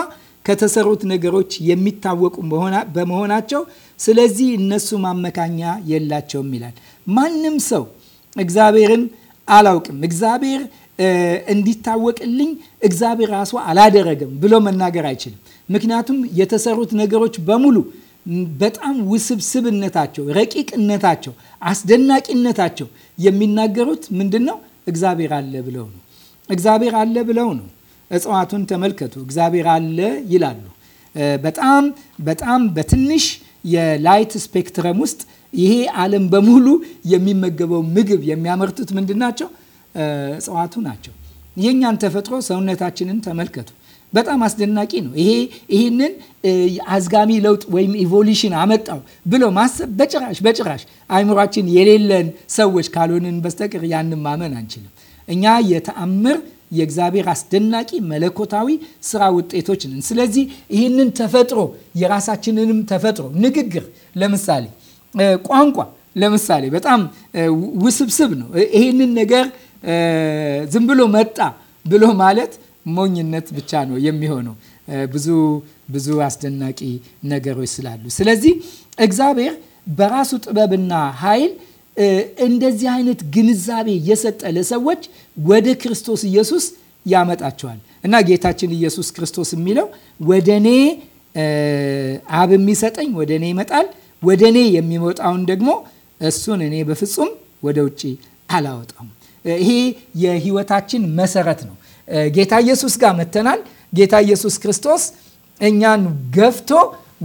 ከተሰሩት ነገሮች የሚታወቁ በመሆናቸው ስለዚህ እነሱ ማመካኛ የላቸውም ይላል። ማንም ሰው እግዚአብሔርን አላውቅም፣ እግዚአብሔር እንዲታወቅልኝ እግዚአብሔር ራሱ አላደረገም ብሎ መናገር አይችልም። ምክንያቱም የተሰሩት ነገሮች በሙሉ በጣም ውስብስብነታቸው፣ ረቂቅነታቸው፣ አስደናቂነታቸው የሚናገሩት ምንድን ነው? እግዚአብሔር አለ ብለው ነው። እግዚአብሔር አለ ብለው ነው። እጽዋቱን ተመልከቱ። እግዚአብሔር አለ ይላሉ። በጣም በጣም በትንሽ የላይት ስፔክትረም ውስጥ ይሄ ዓለም በሙሉ የሚመገበው ምግብ የሚያመርቱት ምንድን ናቸው? እጽዋቱ ናቸው። የእኛን ተፈጥሮ ሰውነታችንን ተመልከቱ። በጣም አስደናቂ ነው። ይሄ ይህንን አዝጋሚ ለውጥ ወይም ኢቮሉሽን አመጣው ብሎ ማሰብ በጭራሽ በጭራሽ አይምሯችን የሌለን ሰዎች ካልሆንን በስተቀር ያንን ማመን አንችልም። እኛ የተአምር የእግዚአብሔር አስደናቂ መለኮታዊ ስራ ውጤቶች ነን። ስለዚህ ይህንን ተፈጥሮ የራሳችንንም ተፈጥሮ ንግግር፣ ለምሳሌ ቋንቋ፣ ለምሳሌ በጣም ውስብስብ ነው። ይህንን ነገር ዝም ብሎ መጣ ብሎ ማለት ሞኝነት ብቻ ነው የሚሆነው ብዙ ብዙ አስደናቂ ነገሮች ስላሉ። ስለዚህ እግዚአብሔር በራሱ ጥበብና ኃይል እንደዚህ አይነት ግንዛቤ የሰጠ ለሰዎች ወደ ክርስቶስ ኢየሱስ ያመጣቸዋል እና ጌታችን ኢየሱስ ክርስቶስ የሚለው ወደ እኔ አብ የሚሰጠኝ ወደ እኔ ይመጣል፣ ወደ እኔ የሚመጣውን ደግሞ እሱን እኔ በፍጹም ወደ ውጭ አላወጣም። ይሄ የህይወታችን መሰረት ነው። ጌታ ኢየሱስ ጋር መተናል። ጌታ ኢየሱስ ክርስቶስ እኛን ገፍቶ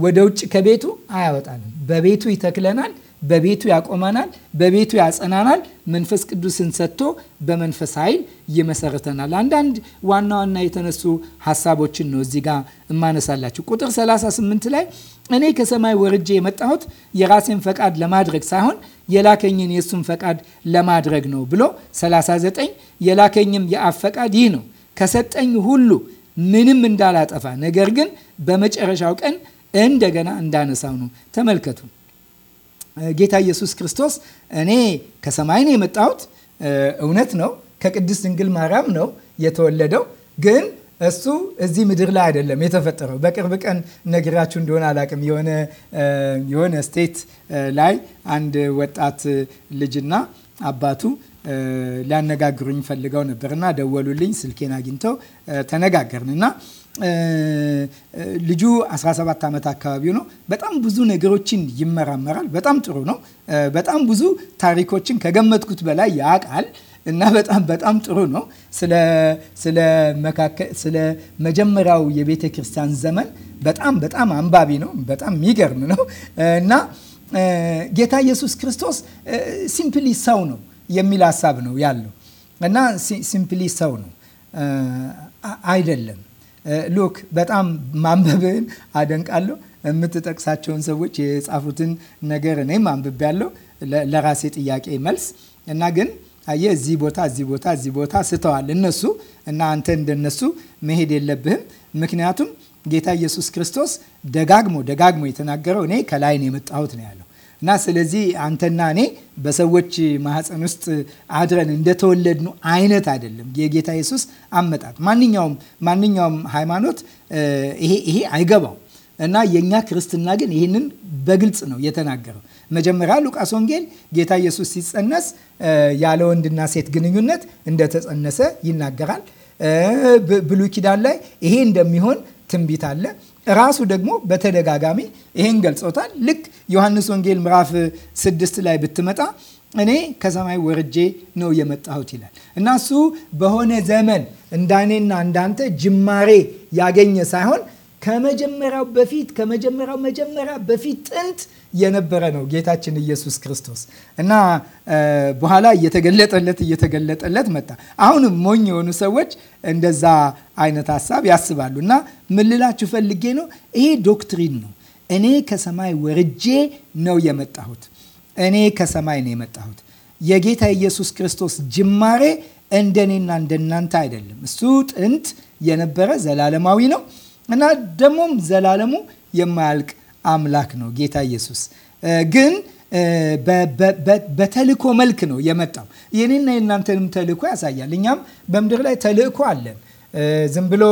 ወደ ውጭ ከቤቱ አያወጣንም። በቤቱ ይተክለናል። በቤቱ ያቆመናል፣ በቤቱ ያጸናናል፣ መንፈስ ቅዱስን ሰጥቶ በመንፈስ ኃይል ይመሰርተናል። አንዳንድ ዋና ዋና የተነሱ ሀሳቦችን ነው እዚህ ጋር እማነሳላችሁ። ቁጥር 38 ላይ እኔ ከሰማይ ወርጄ የመጣሁት የራሴን ፈቃድ ለማድረግ ሳይሆን የላከኝን የእሱን ፈቃድ ለማድረግ ነው ብሎ 39 የላከኝም የአብ ፈቃድ ይህ ነው ከሰጠኝ ሁሉ ምንም እንዳላጠፋ ነገር ግን በመጨረሻው ቀን እንደገና እንዳነሳው ነው። ተመልከቱ። ጌታ ኢየሱስ ክርስቶስ እኔ ከሰማይ ነው የመጣሁት፣ እውነት ነው። ከቅድስት ድንግል ማርያም ነው የተወለደው። ግን እሱ እዚህ ምድር ላይ አይደለም የተፈጠረው። በቅርብ ቀን ነግራችሁ እንደሆነ አላቅም። የሆነ ስቴት ላይ አንድ ወጣት ልጅና አባቱ ሊያነጋግሩኝ ፈልገው ነበር እና ደወሉልኝ። ስልኬን አግኝተው ተነጋገርን እና ልጁ 17 ዓመት አካባቢው ነው። በጣም ብዙ ነገሮችን ይመራመራል። በጣም ጥሩ ነው። በጣም ብዙ ታሪኮችን ከገመትኩት በላይ ያውቃል እና በጣም በጣም ጥሩ ነው። ስለ መጀመሪያው የቤተ ክርስቲያን ዘመን በጣም በጣም አንባቢ ነው። በጣም የሚገርም ነው እና ጌታ ኢየሱስ ክርስቶስ ሲምፕሊ ሰው ነው የሚል ሀሳብ ነው ያለው እና ሲምፕሊ ሰው ነው አይደለም ሉክ በጣም ማንበብህን አደንቃለሁ። የምትጠቅሳቸውን ሰዎች የጻፉትን ነገር እኔም ያለው ለራሴ ጥያቄ መልስ እና ግን አየ እዚህ ቦታ እዚህ ቦታ እዚህ ቦታ ስተዋል እነሱ እና አንተ እንደነሱ መሄድ የለብህም ምክንያቱም ጌታ ኢየሱስ ክርስቶስ ደጋግሞ ደጋግሞ የተናገረው እኔ ከላይ ነው የመጣሁት ነው ያለው እና ስለዚህ አንተና እኔ በሰዎች ማህፀን ውስጥ አድረን እንደተወለድን አይነት አይደለም የጌታ ኢየሱስ አመጣጥ። ማንኛውም ማንኛውም ሃይማኖት ይሄ ይሄ አይገባው እና የእኛ ክርስትና ግን ይህንን በግልጽ ነው የተናገረው። መጀመሪያ ሉቃስ ወንጌል ጌታ ኢየሱስ ሲጸነስ ያለ ወንድና ሴት ግንኙነት እንደተጸነሰ ይናገራል። ብሉይ ኪዳን ላይ ይሄ እንደሚሆን ትንቢት አለ። ራሱ ደግሞ በተደጋጋሚ ይሄን ገልጾታል። ልክ ዮሐንስ ወንጌል ምዕራፍ ስድስት ላይ ብትመጣ እኔ ከሰማይ ወርጄ ነው የመጣሁት ይላል እና እሱ በሆነ ዘመን እንዳኔና እንዳንተ ጅማሬ ያገኘ ሳይሆን ከመጀመሪያው በፊት ከመጀመሪያው መጀመሪያ በፊት ጥንት የነበረ ነው ጌታችን ኢየሱስ ክርስቶስ እና በኋላ እየተገለጠለት እየተገለጠለት መጣ። አሁንም ሞኝ የሆኑ ሰዎች እንደዛ አይነት ሀሳብ ያስባሉ። እና ምልላችሁ ፈልጌ ነው፣ ይሄ ዶክትሪን ነው። እኔ ከሰማይ ወርጄ ነው የመጣሁት። እኔ ከሰማይ ነው የመጣሁት። የጌታ ኢየሱስ ክርስቶስ ጅማሬ እንደኔና እንደናንተ አይደለም። እሱ ጥንት የነበረ ዘላለማዊ ነው እና ደግሞም ዘላለሙ የማያልቅ አምላክ ነው ጌታ ኢየሱስ ግን በተልእኮ መልክ ነው የመጣው። የኔና የእናንተንም ተልእኮ ያሳያል። እኛም በምድር ላይ ተልእኮ አለን። ዝም ብሎ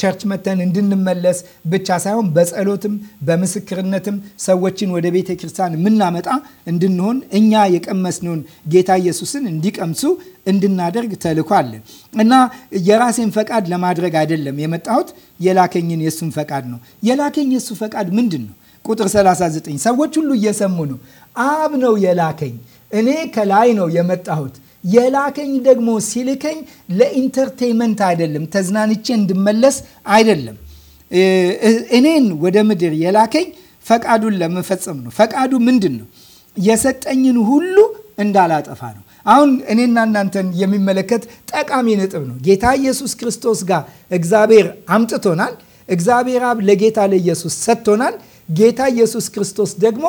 ቸርች መተን እንድንመለስ ብቻ ሳይሆን በጸሎትም በምስክርነትም ሰዎችን ወደ ቤተ ክርስቲያን የምናመጣ እንድንሆን እኛ የቀመስነውን ጌታ ኢየሱስን እንዲቀምሱ እንድናደርግ ተልኮ አለን እና የራሴን ፈቃድ ለማድረግ አይደለም የመጣሁት የላከኝን የሱን ፈቃድ ነው። የላከኝ የሱ ፈቃድ ምንድን ነው? ቁጥር 39 ሰዎች ሁሉ እየሰሙ ነው። አብ ነው የላከኝ። እኔ ከላይ ነው የመጣሁት የላከኝ ደግሞ ሲልከኝ ለኢንተርቴንመንት አይደለም፣ ተዝናንቼ እንድመለስ አይደለም። እኔን ወደ ምድር የላከኝ ፈቃዱን ለመፈጸም ነው። ፈቃዱ ምንድን ነው? የሰጠኝን ሁሉ እንዳላጠፋ ነው። አሁን እኔና እናንተን የሚመለከት ጠቃሚ ነጥብ ነው። ጌታ ኢየሱስ ክርስቶስ ጋር እግዚአብሔር አምጥቶናል። እግዚአብሔር አብ ለጌታ ለኢየሱስ ሰጥቶናል። ጌታ ኢየሱስ ክርስቶስ ደግሞ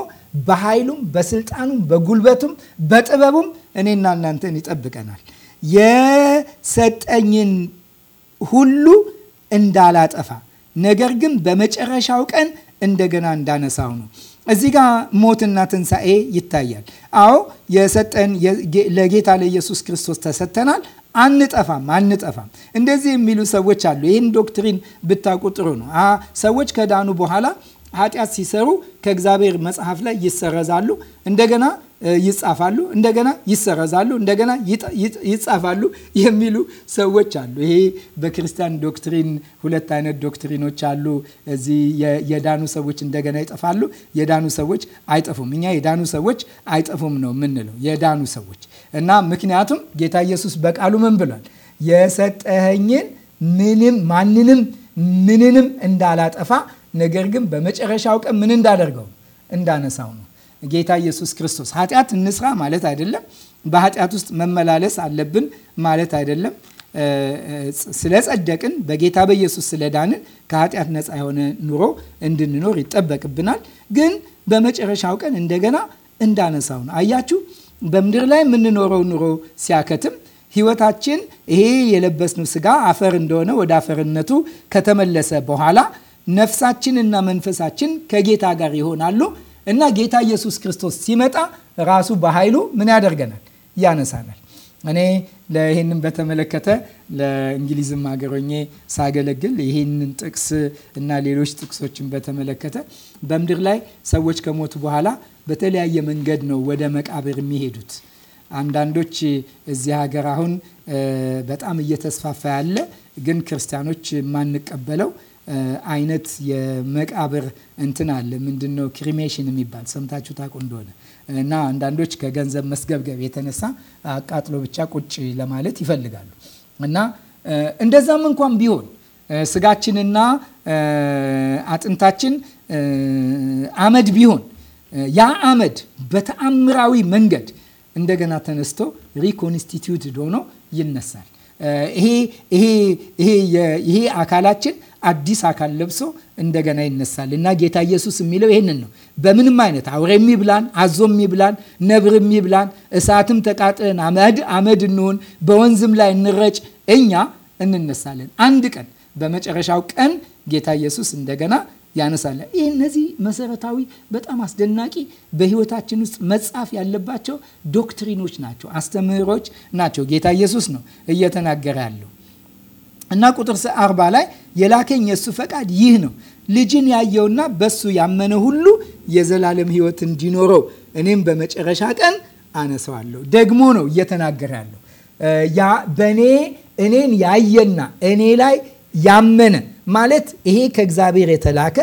በኃይሉም በስልጣኑም በጉልበቱም በጥበቡም እኔና እናንተን ይጠብቀናል። የሰጠኝን ሁሉ እንዳላጠፋ ነገር ግን በመጨረሻው ቀን እንደገና እንዳነሳው ነው። እዚህ ጋ ሞትና ትንሣኤ ይታያል። አዎ የሰጠን ለጌታ ለኢየሱስ ክርስቶስ ተሰጥተናል። አንጠፋም አንጠፋም። እንደዚህ የሚሉ ሰዎች አሉ። ይህን ዶክትሪን ብታቁጥሩ ነው ሰዎች ከዳኑ በኋላ ኃጢአት ሲሰሩ ከእግዚአብሔር መጽሐፍ ላይ ይሰረዛሉ። እንደገና ይጻፋሉ፣ እንደገና ይሰረዛሉ፣ እንደገና ይጻፋሉ የሚሉ ሰዎች አሉ። ይሄ በክርስቲያን ዶክትሪን ሁለት አይነት ዶክትሪኖች አሉ። እዚህ የዳኑ ሰዎች እንደገና ይጠፋሉ፣ የዳኑ ሰዎች አይጠፉም። እኛ የዳኑ ሰዎች አይጠፉም ነው የምንለው፣ የዳኑ ሰዎች እና ምክንያቱም ጌታ ኢየሱስ በቃሉ ምን ብሏል? የሰጠኸኝን ምንም ማንንም ምንንም እንዳላጠፋ ነገር ግን በመጨረሻው ቀን ምን እንዳደርገው እንዳነሳው ነው ጌታ ኢየሱስ ክርስቶስ። ኃጢአት እንስራ ማለት አይደለም። በኃጢአት ውስጥ መመላለስ አለብን ማለት አይደለም። ስለጸደቅን በጌታ በኢየሱስ ስለዳንን ከኃጢአት ነፃ የሆነ ኑሮ እንድንኖር ይጠበቅብናል። ግን በመጨረሻው ቀን እንደገና እንዳነሳው ነው። አያችሁ በምድር ላይ የምንኖረው ኑሮ ሲያከትም ህይወታችን ይሄ የለበስነው ስጋ አፈር እንደሆነ ወደ አፈርነቱ ከተመለሰ በኋላ ነፍሳችንና መንፈሳችን ከጌታ ጋር ይሆናሉ። እና ጌታ ኢየሱስ ክርስቶስ ሲመጣ ራሱ በኃይሉ ምን ያደርገናል? ያነሳናል። እኔ ለይህንም በተመለከተ ለእንግሊዝም ሀገሮኜ ሳገለግል ይህንን ጥቅስ እና ሌሎች ጥቅሶችን በተመለከተ በምድር ላይ ሰዎች ከሞቱ በኋላ በተለያየ መንገድ ነው ወደ መቃብር የሚሄዱት። አንዳንዶች እዚህ ሀገር አሁን በጣም እየተስፋፋ ያለ ግን ክርስቲያኖች የማንቀበለው አይነት የመቃብር እንትን አለ። ምንድን ነው ክሪሜሽን የሚባል ሰምታችሁ ታውቁ እንደሆነ እና አንዳንዶች ከገንዘብ መስገብገብ የተነሳ አቃጥሎ ብቻ ቁጭ ለማለት ይፈልጋሉ። እና እንደዛም እንኳን ቢሆን ስጋችንና አጥንታችን አመድ ቢሆን ያ አመድ በተአምራዊ መንገድ እንደገና ተነስቶ ሪኮንስቲትዩትድ ሆኖ ይነሳል። ይሄ አካላችን አዲስ አካል ለብሶ እንደገና ይነሳል እና ጌታ ኢየሱስ የሚለው ይህንን ነው። በምንም አይነት አውሬም ይብላን፣ አዞም ይብላን፣ ነብርም ይብላን፣ እሳትም ተቃጥለን አመድ አመድ እንሆን፣ በወንዝም ላይ እንረጭ፣ እኛ እንነሳለን። አንድ ቀን በመጨረሻው ቀን ጌታ ኢየሱስ እንደገና ያነሳለን። ይህ እነዚህ መሰረታዊ በጣም አስደናቂ በህይወታችን ውስጥ መጻፍ ያለባቸው ዶክትሪኖች ናቸው፣ አስተምህሮች ናቸው። ጌታ ኢየሱስ ነው እየተናገረ ያለው እና ቁጥር 40 ላይ የላከኝ የእሱ ፈቃድ ይህ ነው ልጅን ያየውና በሱ ያመነ ሁሉ የዘላለም ሕይወት እንዲኖረው እኔም በመጨረሻ ቀን አነሰዋለሁ። ደግሞ ነው እየተናገረ ያለው ያ በእኔ እኔን ያየና እኔ ላይ ያመነ ማለት ይሄ ከእግዚአብሔር የተላከ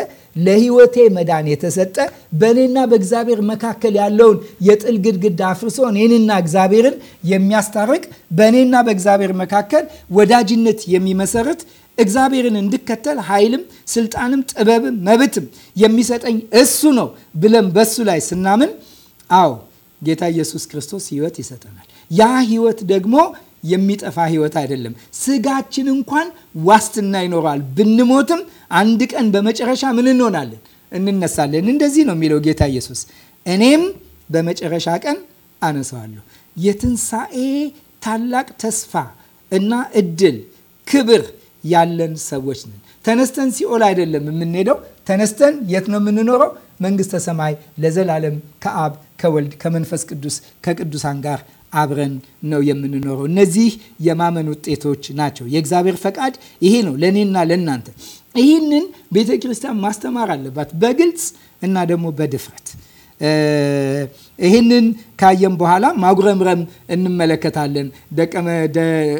ለህይወቴ መዳን የተሰጠ በእኔና በእግዚአብሔር መካከል ያለውን የጥል ግድግዳ አፍርሶ እኔንና እግዚአብሔርን የሚያስታርቅ በእኔና በእግዚአብሔር መካከል ወዳጅነት የሚመሰርት እግዚአብሔርን እንድከተል ኃይልም፣ ስልጣንም፣ ጥበብም መብትም የሚሰጠኝ እሱ ነው ብለን በሱ ላይ ስናምን አዎ ጌታ ኢየሱስ ክርስቶስ ህይወት ይሰጠናል። ያ ህይወት ደግሞ የሚጠፋ ህይወት አይደለም። ስጋችን እንኳን ዋስትና ይኖረዋል። ብንሞትም አንድ ቀን በመጨረሻ ምን እንሆናለን? እንነሳለን። እንደዚህ ነው የሚለው ጌታ ኢየሱስ፣ እኔም በመጨረሻ ቀን አነሳዋለሁ። የትንሣኤ ታላቅ ተስፋ እና እድል ክብር ያለን ሰዎች ነን። ተነስተን ሲኦል አይደለም የምንሄደው። ተነስተን የት ነው የምንኖረው? መንግስተ ሰማይ ለዘላለም ከአብ ከወልድ ከመንፈስ ቅዱስ ከቅዱሳን ጋር አብረን ነው የምንኖረው። እነዚህ የማመን ውጤቶች ናቸው። የእግዚአብሔር ፈቃድ ይሄ ነው ለእኔና ለእናንተ። ይህንን ቤተ ክርስቲያን ማስተማር አለባት በግልጽ እና ደግሞ በድፍረት። ይህንን ካየን በኋላ ማጉረምረም እንመለከታለን።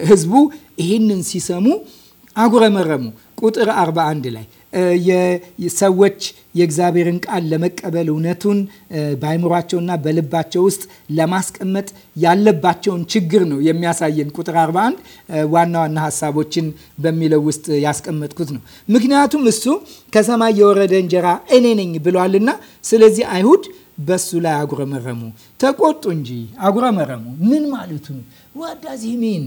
ህዝቡ ይህንን ሲሰሙ አጉረመረሙ። ቁጥር 41 ላይ ሰዎች የእግዚአብሔርን ቃል ለመቀበል እውነቱን በአይምሯቸውና በልባቸው ውስጥ ለማስቀመጥ ያለባቸውን ችግር ነው የሚያሳየን። ቁጥር 41 ዋና ዋና ሀሳቦችን በሚለው ውስጥ ያስቀመጥኩት ነው። ምክንያቱም እሱ ከሰማይ የወረደ እንጀራ እኔ ነኝ ብሏልና፣ ስለዚህ አይሁድ በሱ ላይ አጉረመረሙ። ተቆጡ እንጂ አጉረመረሙ ምን ማለቱ ነው? ሚን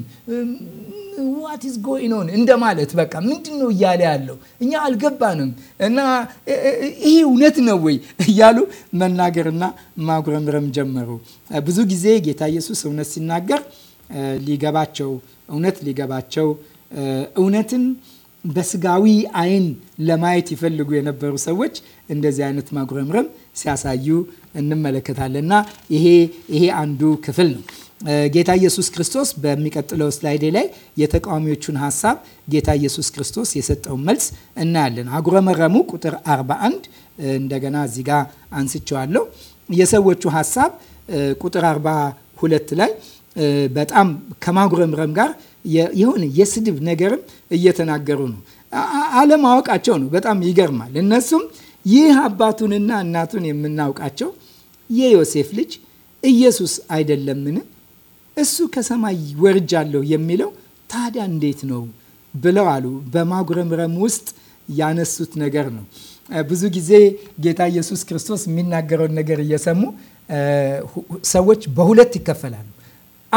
ዋት ኢዝ ጎይን ኦን እንደማለት በቃ ምንድን ነው እያለ ያለው እኛ አልገባንም እና ይህ እውነት ነው ወይ እያሉ መናገርና ማጉረምረም ጀመሩ። ብዙ ጊዜ ጌታ ኢየሱስ እውነት ሲናገር ሊገባቸው እውነት ሊገባቸው እውነትን በስጋዊ አይን ለማየት ይፈልጉ የነበሩ ሰዎች እንደዚህ አይነት ማጉረምረም ሲያሳዩ እንመለከታለንና ይሄ ይሄ አንዱ ክፍል ነው። ጌታ ኢየሱስ ክርስቶስ በሚቀጥለው ስላይዴ ላይ የተቃዋሚዎቹን ሀሳብ ጌታ ኢየሱስ ክርስቶስ የሰጠውን መልስ እናያለን። አጉረመረሙ ቁጥር 41 እንደገና እዚህ አንስቸዋለሁ። የሰዎቹ ሀሳብ ቁጥር 42 ላይ በጣም ከማጉረምረም ጋር የሆነ የስድብ ነገርም እየተናገሩ ነው። አለማወቃቸው ነው። በጣም ይገርማል። እነሱም ይህ አባቱንና እናቱን የምናውቃቸው የዮሴፍ ልጅ ኢየሱስ አይደለምን? እሱ ከሰማይ ወርጃለሁ የሚለው ታዲያ እንዴት ነው ብለው አሉ። በማጉረምረም ውስጥ ያነሱት ነገር ነው። ብዙ ጊዜ ጌታ ኢየሱስ ክርስቶስ የሚናገረውን ነገር እየሰሙ ሰዎች በሁለት ይከፈላሉ።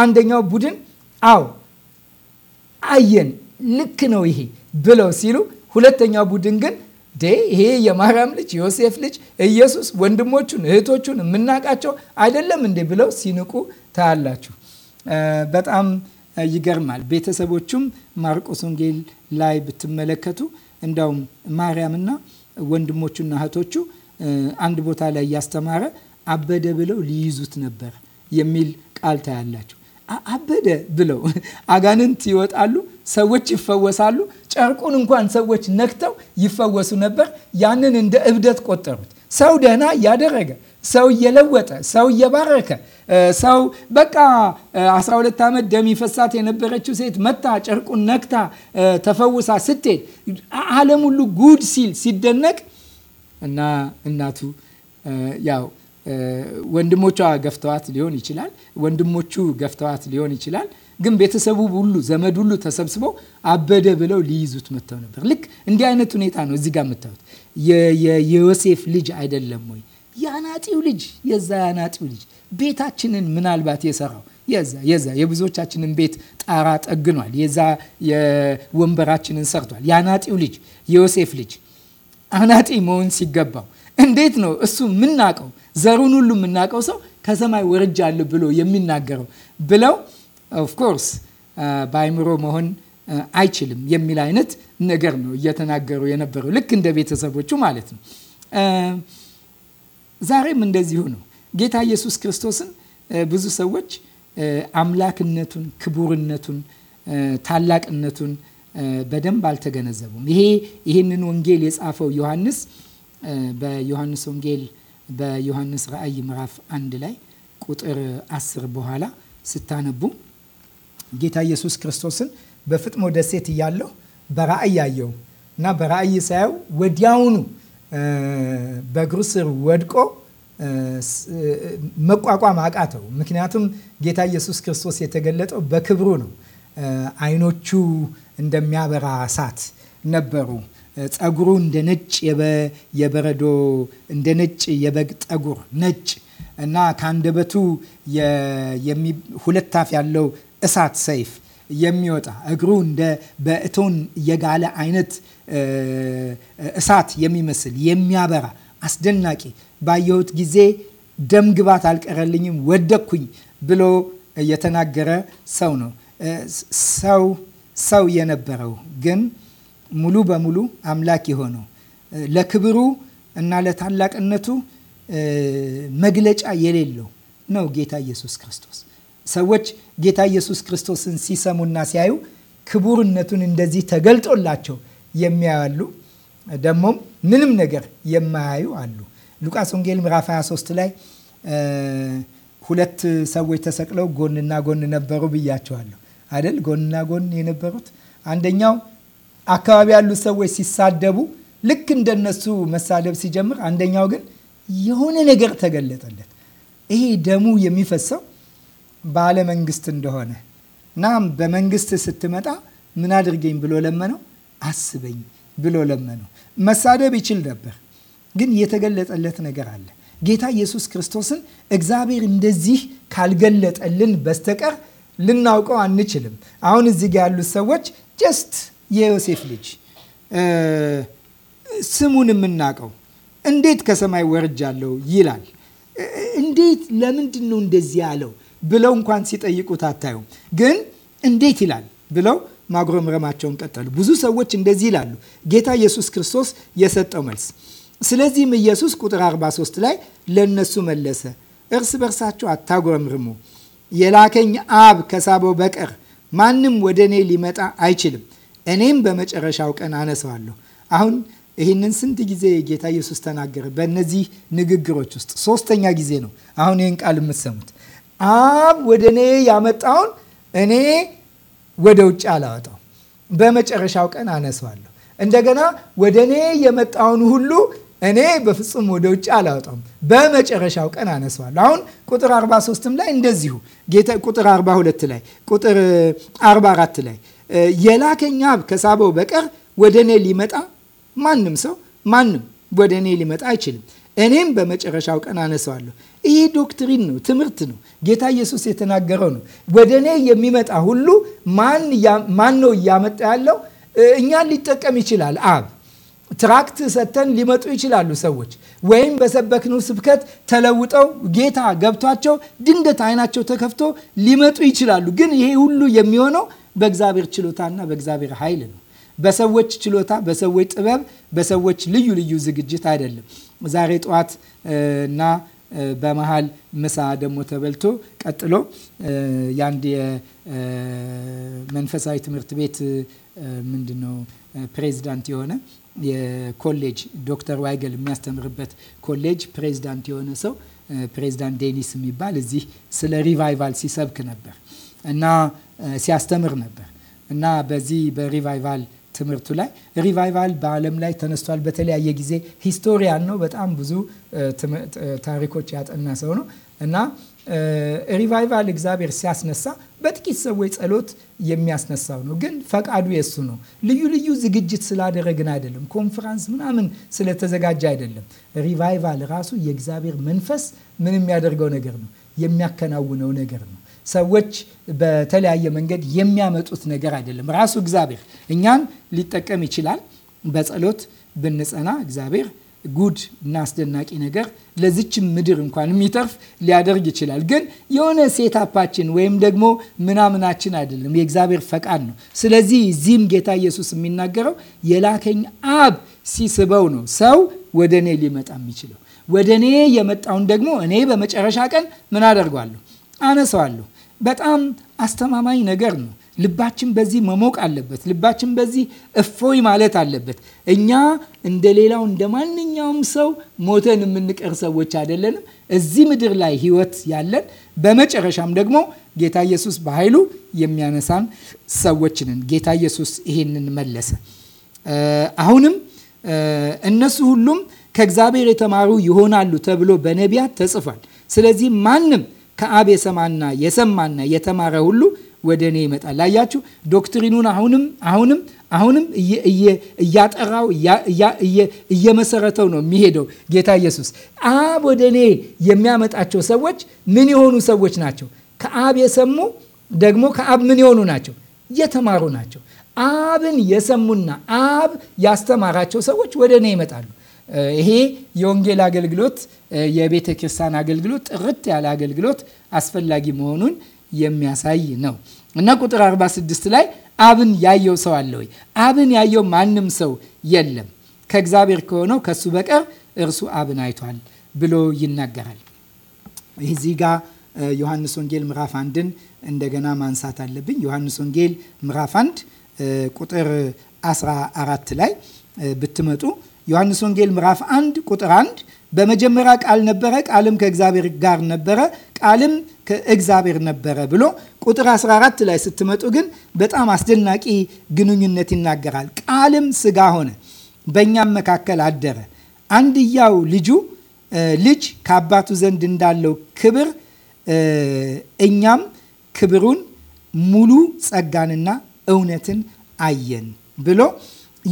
አንደኛው ቡድን አዎ አየን፣ ልክ ነው ይሄ ብለው ሲሉ፣ ሁለተኛው ቡድን ግን ዴ ይሄ የማርያም ልጅ ዮሴፍ ልጅ ኢየሱስ ወንድሞቹን እህቶቹን የምናውቃቸው አይደለም እንዴ ብለው ሲንቁ ታያላችሁ። በጣም ይገርማል። ቤተሰቦቹም ማርቆስ ወንጌል ላይ ብትመለከቱ እንዳውም ማርያምና ወንድሞቹና እህቶቹ አንድ ቦታ ላይ እያስተማረ አበደ ብለው ሊይዙት ነበር የሚል ቃል ታያላችሁ። አበደ ብለው አጋንንት ይወጣሉ፣ ሰዎች ይፈወሳሉ። ጨርቁን እንኳን ሰዎች ነክተው ይፈወሱ ነበር። ያንን እንደ እብደት ቆጠሩት። ሰው ደህና እያደረገ ሰው እየለወጠ ሰው እየባረከ ሰው በቃ 12 ዓመት ደም ይፈሳት የነበረችው ሴት መታ ጨርቁን ነክታ ተፈውሳ ስትሄድ ዓለም ሁሉ ጉድ ሲል ሲደነቅ እና እናቱ ያው ወንድሞቿ ገፍተዋት ሊሆን ይችላል፣ ወንድሞቹ ገፍተዋት ሊሆን ይችላል። ግን ቤተሰቡ ሁሉ ዘመድ ሁሉ ተሰብስበው አበደ ብለው ሊይዙት መጥተው ነበር። ልክ እንዲህ አይነት ሁኔታ ነው እዚህ ጋር የምታዩት። የዮሴፍ ልጅ አይደለም ወይ? የአናጢው ልጅ የዛ የአናጢው ልጅ ቤታችንን ምናልባት የሰራው የዛ የዛ የብዙዎቻችንን ቤት ጣራ ጠግኗል። የዛ የወንበራችንን ሰርቷል። የአናጢው ልጅ የዮሴፍ ልጅ አናጢ መሆን ሲገባው እንዴት ነው እሱ የምናቀው ዘሩን ሁሉ የምናቀው ሰው ከሰማይ ወርጃለሁ ብሎ የሚናገረው ብለው ኦፍኮርስ በአይምሮ መሆን አይችልም የሚል አይነት ነገር ነው እየተናገሩ የነበረው ልክ እንደ ቤተሰቦቹ ማለት ነው። ዛሬም እንደዚሁ ነው። ጌታ ኢየሱስ ክርስቶስን ብዙ ሰዎች አምላክነቱን፣ ክቡርነቱን፣ ታላቅነቱን በደንብ አልተገነዘቡም። ይሄ ይህንን ወንጌል የጻፈው ዮሐንስ በዮሐንስ ወንጌል በዮሐንስ ራእይ ምዕራፍ አንድ ላይ ቁጥር አስር በኋላ ስታነቡ ጌታ ኢየሱስ ክርስቶስን በፍጥሞ ደሴት እያለሁ በራእይ አየው እና በራእይ ሳየው ወዲያውኑ በእግሩ ስር ወድቆ መቋቋም አቃተው። ምክንያቱም ጌታ ኢየሱስ ክርስቶስ የተገለጠው በክብሩ ነው። አይኖቹ እንደሚያበራ እሳት ነበሩ። ጸጉሩ እንደ ነጭ የበረዶ እንደ ነጭ የበግ ጠጉር ነጭ እና ከአንደበቱ ሁለት አፍ ያለው እሳት ሰይፍ የሚወጣ እግሩ እንደ በእቶን የጋለ አይነት እሳት የሚመስል የሚያበራ አስደናቂ ባየሁት ጊዜ ደም ግባት አልቀረልኝም፣ ወደቅኩኝ ብሎ የተናገረ ሰው ነው። ሰው ሰው የነበረው ግን ሙሉ በሙሉ አምላክ የሆነው ለክብሩ እና ለታላቅነቱ መግለጫ የሌለው ነው ጌታ ኢየሱስ ክርስቶስ። ሰዎች ጌታ ኢየሱስ ክርስቶስን ሲሰሙና ሲያዩ ክቡርነቱን እንደዚህ ተገልጦላቸው የሚያያሉ፣ ደግሞም ምንም ነገር የማያዩ አሉ። ሉቃስ ወንጌል ምዕራፍ 23 ላይ ሁለት ሰዎች ተሰቅለው ጎንና ጎን ነበሩ ብያቸዋለሁ አይደል? ጎንና ጎን የነበሩት አንደኛው አካባቢ ያሉት ሰዎች ሲሳደቡ ልክ እንደነሱ መሳደብ ሲጀምር፣ አንደኛው ግን የሆነ ነገር ተገለጠለት። ይሄ ደሙ የሚፈሰው ባለመንግስት እንደሆነ እና በመንግስት ስትመጣ ምን አድርገኝ ብሎ ለመነው። አስበኝ ብሎ ለመነው። መሳደብ ይችል ነበር ግን የተገለጠለት ነገር አለ። ጌታ ኢየሱስ ክርስቶስን እግዚአብሔር እንደዚህ ካልገለጠልን በስተቀር ልናውቀው አንችልም። አሁን እዚህ ጋ ያሉት ሰዎች ጀስት የዮሴፍ ልጅ ስሙን የምናውቀው እንዴት ከሰማይ ወርጃለሁ ይላል። እንዴት ለምንድን ነው እንደዚህ ያለው ብለው እንኳን ሲጠይቁት አታዩም። ግን እንዴት ይላል ብለው ማጉረምረማቸውን ቀጠሉ። ብዙ ሰዎች እንደዚህ ይላሉ። ጌታ ኢየሱስ ክርስቶስ የሰጠው መልስ ስለዚህም ኢየሱስ ቁጥር 43 ላይ ለነሱ መለሰ፣ እርስ በርሳችሁ አታጉረምርሙ፣ የላከኝ አብ ከሳበው በቀር ማንም ወደ እኔ ሊመጣ አይችልም፣ እኔም በመጨረሻው ቀን አነሰዋለሁ። አሁን ይህንን ስንት ጊዜ ጌታ ኢየሱስ ተናገረ? በእነዚህ ንግግሮች ውስጥ ሶስተኛ ጊዜ ነው አሁን ይህን ቃል የምትሰሙት። አብ ወደ እኔ ያመጣውን እኔ ወደ ውጭ አላወጣው፣ በመጨረሻው ቀን አነሰዋለሁ። እንደገና ወደ እኔ የመጣውን ሁሉ እኔ በፍጹም ወደ ውጭ አላወጣም፣ በመጨረሻው ቀን አነሳዋለሁ። አሁን ቁጥር 43ም ላይ እንደዚሁ ጌታ ቁጥር 42 ላይ ቁጥር 44 ላይ የላከኝ አብ ከሳበው በቀር ወደ እኔ ሊመጣ ማንም ሰው ማንም ወደ እኔ ሊመጣ አይችልም፣ እኔም በመጨረሻው ቀን አነሳዋለሁ። ይህ ዶክትሪን ነው፣ ትምህርት ነው። ጌታ ኢየሱስ የተናገረው ነው። ወደ እኔ የሚመጣ ሁሉ ማን ነው እያመጣ ያለው? እኛን ሊጠቀም ይችላል አብ ትራክት ሰጥተን ሊመጡ ይችላሉ ሰዎች ወይም በሰበክነው ስብከት ተለውጠው ጌታ ገብቷቸው ድንገት አይናቸው ተከፍቶ ሊመጡ ይችላሉ። ግን ይሄ ሁሉ የሚሆነው በእግዚአብሔር ችሎታና በእግዚአብሔር ኃይል ነው። በሰዎች ችሎታ፣ በሰዎች ጥበብ፣ በሰዎች ልዩ ልዩ ዝግጅት አይደለም። ዛሬ ጠዋት እና በመሃል ምሳ ደግሞ ተበልቶ ቀጥሎ የአንድ የመንፈሳዊ ትምህርት ቤት ምንድን ነው ፕሬዚዳንት የሆነ የኮሌጅ ዶክተር ዋይገል የሚያስተምርበት ኮሌጅ ፕሬዚዳንት የሆነ ሰው ፕሬዚዳንት ዴኒስ የሚባል እዚህ ስለ ሪቫይቫል ሲሰብክ ነበር እና ሲያስተምር ነበር እና በዚህ በሪቫይቫል ትምህርቱ ላይ ሪቫይቫል በዓለም ላይ ተነስቷል። በተለያየ ጊዜ ሂስቶሪያን ነው። በጣም ብዙ ታሪኮች ያጠና ሰው ነው እና ሪቫይቫል እግዚአብሔር ሲያስነሳ በጥቂት ሰዎች ጸሎት የሚያስነሳው ነው። ግን ፈቃዱ የሱ ነው። ልዩ ልዩ ዝግጅት ስላደረግን አይደለም። ኮንፈራንስ ምናምን ስለተዘጋጀ አይደለም። ሪቫይቫል ራሱ የእግዚአብሔር መንፈስ ምን የሚያደርገው ነገር ነው? የሚያከናውነው ነገር ነው። ሰዎች በተለያየ መንገድ የሚያመጡት ነገር አይደለም። ራሱ እግዚአብሔር እኛን ሊጠቀም ይችላል። በጸሎት ብንጸና እግዚአብሔር ጉድ እና አስደናቂ ነገር ለዚችም ምድር እንኳን የሚተርፍ ሊያደርግ ይችላል። ግን የሆነ ሴታፓችን ወይም ደግሞ ምናምናችን አይደለም፣ የእግዚአብሔር ፈቃድ ነው። ስለዚህ እዚህም ጌታ ኢየሱስ የሚናገረው የላከኝ አብ ሲስበው ነው ሰው ወደ እኔ ሊመጣ የሚችለው። ወደ እኔ የመጣውን ደግሞ እኔ በመጨረሻ ቀን ምን አደርጓለሁ? አነሰዋለሁ። በጣም አስተማማኝ ነገር ነው። ልባችን በዚህ መሞቅ አለበት። ልባችን በዚህ እፎይ ማለት አለበት። እኛ እንደ ሌላው እንደ ማንኛውም ሰው ሞተን የምንቀር ሰዎች አይደለንም። እዚህ ምድር ላይ ሕይወት ያለን በመጨረሻም ደግሞ ጌታ ኢየሱስ በኃይሉ የሚያነሳን ሰዎች ነን። ጌታ ኢየሱስ ይሄንን መለሰ። አሁንም እነሱ ሁሉም ከእግዚአብሔር የተማሩ ይሆናሉ ተብሎ በነቢያት ተጽፏል። ስለዚህ ማንም ከአብ የሰማና የሰማና የተማረ ሁሉ ወደ እኔ ይመጣል። አያችሁ ዶክትሪኑን አሁንም አሁንም አሁንም እያጠራው እየመሰረተው ነው የሚሄደው ጌታ ኢየሱስ። አብ ወደ እኔ የሚያመጣቸው ሰዎች ምን የሆኑ ሰዎች ናቸው? ከአብ የሰሙ ደግሞ ከአብ ምን የሆኑ ናቸው? የተማሩ ናቸው። አብን የሰሙና አብ ያስተማራቸው ሰዎች ወደ እኔ ይመጣሉ። ይሄ የወንጌል አገልግሎት የቤተ ክርስቲያን አገልግሎት ጥርት ያለ አገልግሎት አስፈላጊ መሆኑን የሚያሳይ ነው እና ቁጥር 46 ላይ አብን ያየው ሰው አለ ወይ? አብን ያየው ማንም ሰው የለም ከእግዚአብሔር ከሆነው ከሱ በቀር እርሱ አብን አይቷል ብሎ ይናገራል። እዚህ ጋር ዮሐንስ ወንጌል ምዕራፍ አንድን እንደገና ማንሳት አለብኝ። ዮሐንስ ወንጌል ምዕራፍ አንድ ቁጥር 14 ላይ ብትመጡ ዮሐንስ ወንጌል ምዕራፍ አንድ ቁጥር አንድ በመጀመሪያ ቃል ነበረ፣ ቃልም ከእግዚአብሔር ጋር ነበረ፣ ቃልም እግዚአብሔር ነበረ ብሎ ቁጥር 14 ላይ ስትመጡ ግን በጣም አስደናቂ ግንኙነት ይናገራል። ቃልም ስጋ ሆነ፣ በእኛም መካከል አደረ፣ አንድያው ልጁ ልጅ ከአባቱ ዘንድ እንዳለው ክብር እኛም ክብሩን ሙሉ ጸጋንና እውነትን አየን ብሎ